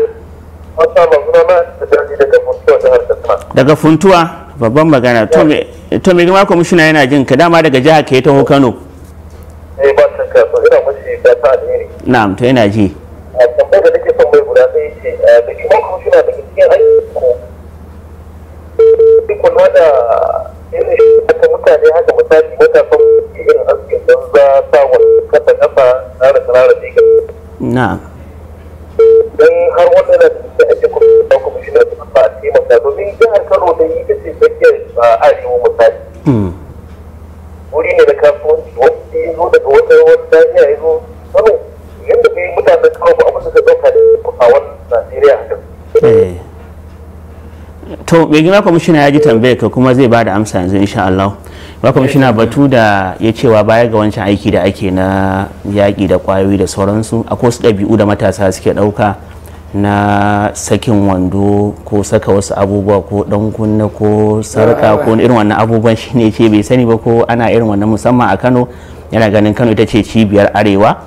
daga funtuwa babban magana to me girma kwamishina yana jin ka dama daga jihar ka ya taho kano eh, na'am to yana ji a tambayar da nake son mai guda ɗaya ce eh, da girma kwamishina daga cikin aiki duk wada ta mutane haka misali irin don za sa wani ne don har wannan na da ake kuma da kuma shi na da ba a taimaka domin jihar Kano da yi ta ce tsakiyar arewa misali hmm. wuri ne da kasuwanci zo daga wata wata ya yi zo yadda ba ka ɗauka da a wannan Najeriya haka. Eh. to mai gina kwamishina ya ji tambayar ka kuma zai ba da amsa yanzu insha Allah ba kwamishina batu da ya cewa baya ga wancan aiki da ake na yaƙi da ƙwayoyi da sauransu akwai wasu ɗabi'u da matasa suke ɗauka na sakin wando ko saka wasu abubuwa ko ɗan kunna ko sarka ko irin wannan abubuwan shine ce bai sani ba ko ana irin wannan musamman a Kano yana ganin kano ita ce cibiyar arewa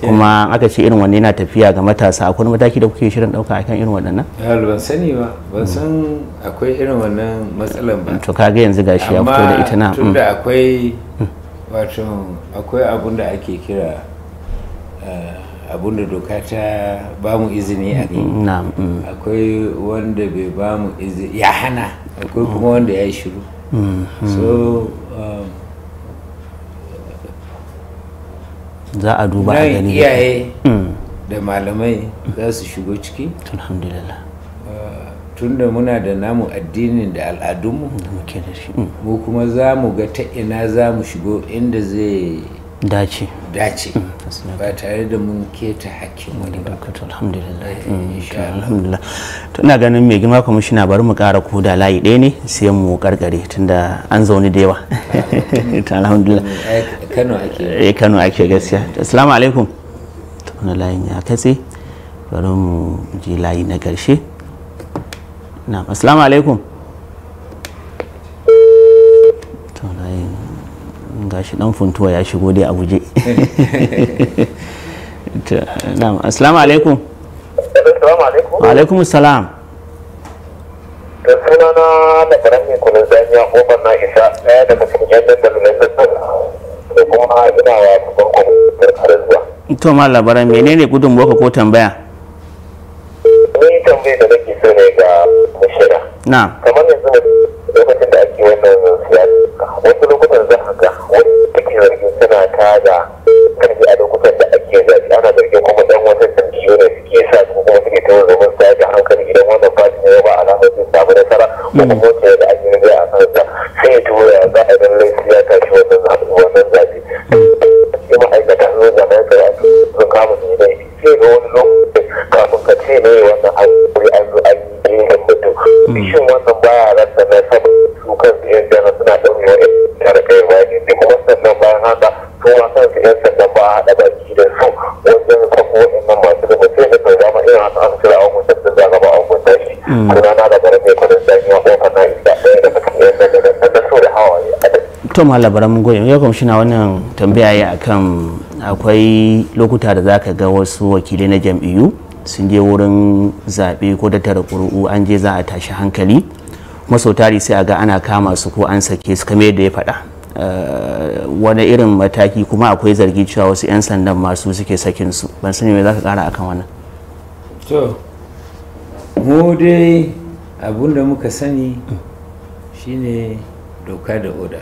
kuma aka ce irin wanne na tafiya ga matasa akwai mataki da kuke shirin dauka akan irin waɗannan ban sani ba ban mm. san akwai irin wannan matsalan ba to kaga yanzu gashi ya fito da ita na tunda mm. akwai mm. wato akwai abun da ake kira eh, abun da doka ta ba mu izini a akwai wanda bai ba mu izini ya hana akwai kuma wanda ya yi shiru so um, za a duba a gani iyaye hmm. da malamai za su shigo ciki alhamdulillah uh, tunda muna da namu addinin da al'adunmu mu kuma za mu ga ta ina za mu shigo inda zai dace dace mm, ba tare da mun keta hakkin wani ba alhamdulillah eh, mm, alhamdulillah to ina ganin mai girma kwamishina bari mu kara ko da layi ɗaya ne sai mu karkare tunda an zaune da yawa ta alhamdulillah kano ake eh kano ake gaskiya assalamu alaikum to na layin ya katse bari mu ji layi na karshe na assalamu alaikum gashi dan funtuwa ya shigo dai a guje assalamu alaikum wa alaikum assalam da suna na da karamin kunin zaniya kofar na isa daya daga cikin da dandalin na sassan da kuma ina wa babban kwamitin arzuwa to ma labaran menene gudun boka ko tambaya ni tambaye da nake so ne ga mashira na'am kamar yanzu lokacin da ake wannan siyasa wasu lokutan za zamantakewar su suna tada karfi a lokutan da ake zaɓe ana zargin kuma ɗan wasan jam'iyyu ne suke sa su kuma suke tawo zaman sa da hankali idan wannan fati ne ba alamar sun samu nasara ko kuma ce da ake zai a kansa sai ya tura za a yi lallai su ya tashi wannan wannan zaɓe. Sai ma'aikatan zo zaman sa ya sun kama su ne sai ga wani lokaci kafin ka ce ne wannan an yi an zo an yi jirgin mutum. Hmm. Shin wannan baya rasa na sama su kan su yan jana suna ɗaurewa kuma san su yan sanda ba a haɗa baki da su wajen sako wa'annan masu da mutum da bai zama irin haka aka kira a mutum da zama ba a mutum shi mm. kuna na da garin mai kudin sanyi wa kofar na isa ɗaya da mutum yan sanda da sanda su da hawaye a da. to malabaran mun gode yau na wannan tambaya ya akan akwai lokuta da zaka ga wasu wakilai na jam'iyyu sun je wurin zaɓe ko da tara ƙuri'u an je za a tashi hankali masautari sai a ga ana kama su ko an sake su kamar yadda ya faɗa Eh, wani irin mataki kuma akwai zargi cewa wasu 'yan sandan masu suke sakin su ban sani mai za ka kara akan wannan to mu dai abun da muka sani shine doka da oda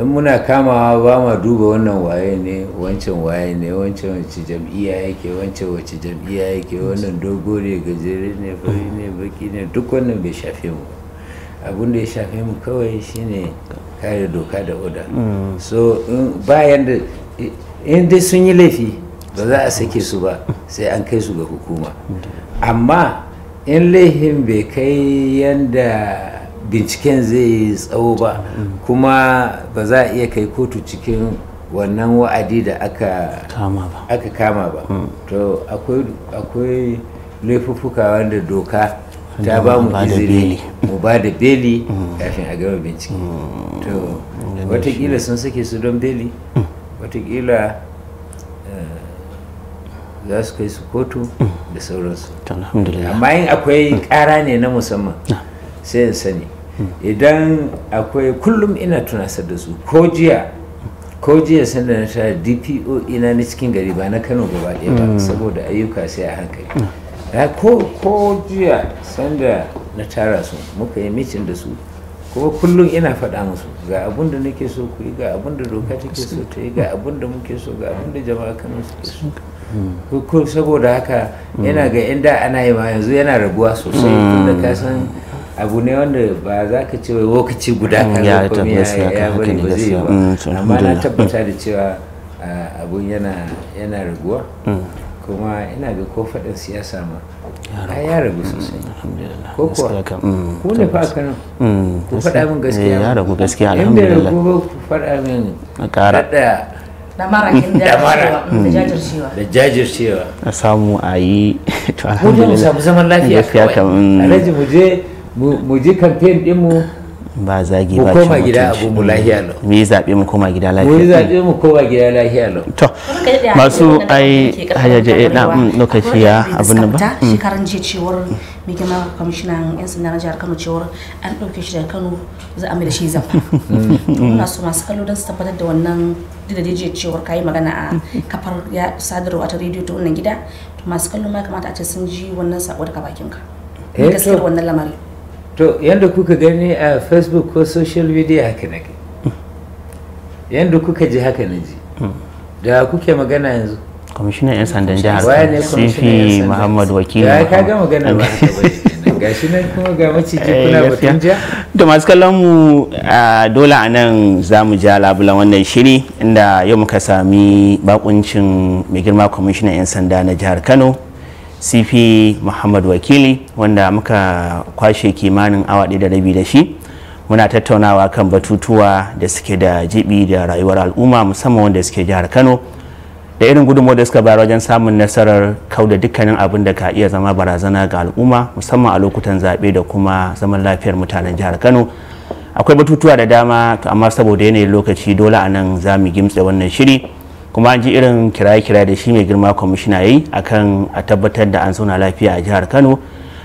in muna kamawa ba ma duba wannan waye ne wancan waye ne wancan wace jam'iyya yake wancan wace jam'iyya yake wannan dogo ne gajere ne fari ne baki ne duk wannan bai shafe mu abun da ya shafe mu kawai shine kare doka da oda so bayan da inda sun yi laifi ba za a sake su ba sai an kai su ga hukuma amma in laifin bai kai yanda binciken zai tsawo ba kuma ba za a iya kai kotu cikin wannan wa'adi da aka kama ba hmm. to akwai laifuffuka wanda doka ta ba mu izini mu ba da beli mm. kafin a gama bincike mm. to watakila sun sake su don beli mm. watakila eh, za su kai su kotu da sauransu amma yin akwai kara ne na musamman sai in sani idan akwai kullum ina tunasar da su ko jiya ko jiya sanda na tara dpo ina na cikin gari ba na kano gaba ɗaya ba saboda ayyuka sai a hankali Eh, ko jiya sanda na tara su muka yi micin da su kuma kullum ina faɗa musu ga abin da nake so ku yi ga abin da doka take so ta yi ga abin da muke so ga abin da jama'a kano suke so hmm. ko saboda haka yana ga inda ana yi ma yanzu yana raguwa sosai tunda ka san hmm. abu ne wanda ba za ka ce wai lokaci guda ka hmm, ya bari ba zai ba amma na tabbata da cewa ah, abun yana raguwa kuma ina ga ko faɗin siyasa ma a ya ragu sosai mm, ko kuwa mm, ku ne fa kano mm, ku faɗa min gaskiya eh, ya ragu gaskiya alhamdulillah in bai ku faɗa min ƙara da marakin da jajircewa a samu a yi to alhamdulillah mu samu zaman lafiya kawai alhaji mu je mu je campaign ɗinmu ba zagi ba koma gida abu mu lahiya lo mu yi zabe mu koma gida lahiya mu yi zabe mu koma gida lahiya lo to masu ai hajaje na lokaci ya abun nan ba mm. shekaran je cewar mai girma kwamishinan yan sanda na jihar Kano cewar an dauke shi daga Kano za a mai da shi zafa mm. muna so masu kallo don su tabbatar da wannan duk da je cewar kayi magana a kafar ya sadarwa ta radio ta wannan gida masu kallo ma kamata a ce sun ji wannan sako daga bakinka eh, gaskiyar wannan lamarin to yadda kuka gani a facebook ko social media haka nake yadda kuka ji haka na ji hmm. da kuke magana yanzu kwamishinan 'yan sandan jihar sifi muhammad wakili ya ka ga magana ba gashi nan kuma ga maciji eh, kuna batun jiya. da masu kallon mu dole a nan za mu ja labulan wannan shiri inda yau muka sami bakuncin mai girma kwamishinan 'yan sanda na jihar kano cp muhammad wakili wanda muka kwashe kimanin awa ɗaya da rabi da shi muna tattaunawa kan batutuwa da suke da jibi da rayuwar al'umma musamman wanda suke jihar kano da irin gudunmawar da suka bayar wajen samun nasarar kau da dukkanin abin da ka iya zama barazana ga al'umma musamman a lokutan zaɓe da kuma zaman lafiyar mutanen jihar kano akwai batutuwa da dama amma saboda yanayin lokaci dole a nan za mu gimtse wannan shiri kuma an ji irin kiraye-kiraye da shi mai girma kwamishina ya yi akan a tabbatar da an zauna lafiya a jihar kano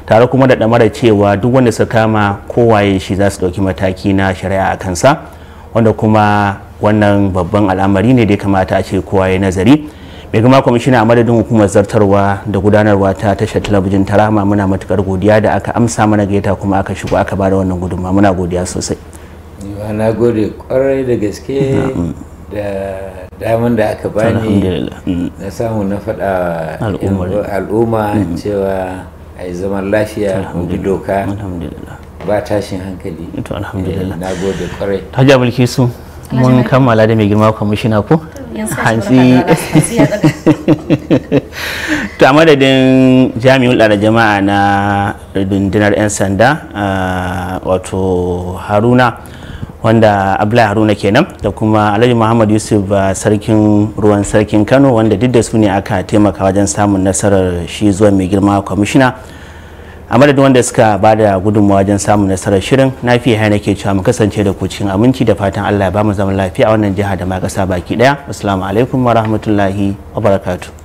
tare kuma da ɗamara cewa duk wanda suka kama kowaye shi za su ɗauki mataki na shari'a a kansa wanda kuma wannan babban al'amari ne da ya kamata a ce kowa ya nazari mai girma kwamishina a madadin hukumar zartarwa da gudanarwa ta tashar talabijin ta rahama muna matukar godiya da aka amsa mana gaita kuma aka shigo aka bada wannan gudunma muna godiya sosai na gode kwarai da gaske da damar da aka bani mm. na samu na faɗa al'umma mm. cewa a yi zaman lafiya bi doka ba tashin hankali na gode kwarai hajji abulki su mun kammala da mai girma kwamishina ko hantsi to a madadin jami'ul da jama'a na dundunar 'yan sanda ah, wato haruna wanda abla haruna kenan da kuma alhaji muhammad yusuf uh, sarkin ruwan sarkin kano wanda duk da su ne aka taimaka wajen samun nasarar shi zuwa mai girma kwamishina a madadin wanda suka ba da gudunmawa wajen samun nasarar shirin na fi na ke cewa mu kasance da ku cikin aminci da fatan allah ya ba mu zaman lafiya a wannan jiha da ma kasa baki daya assalamu alaikum wa rahmatullahi wa barakatuh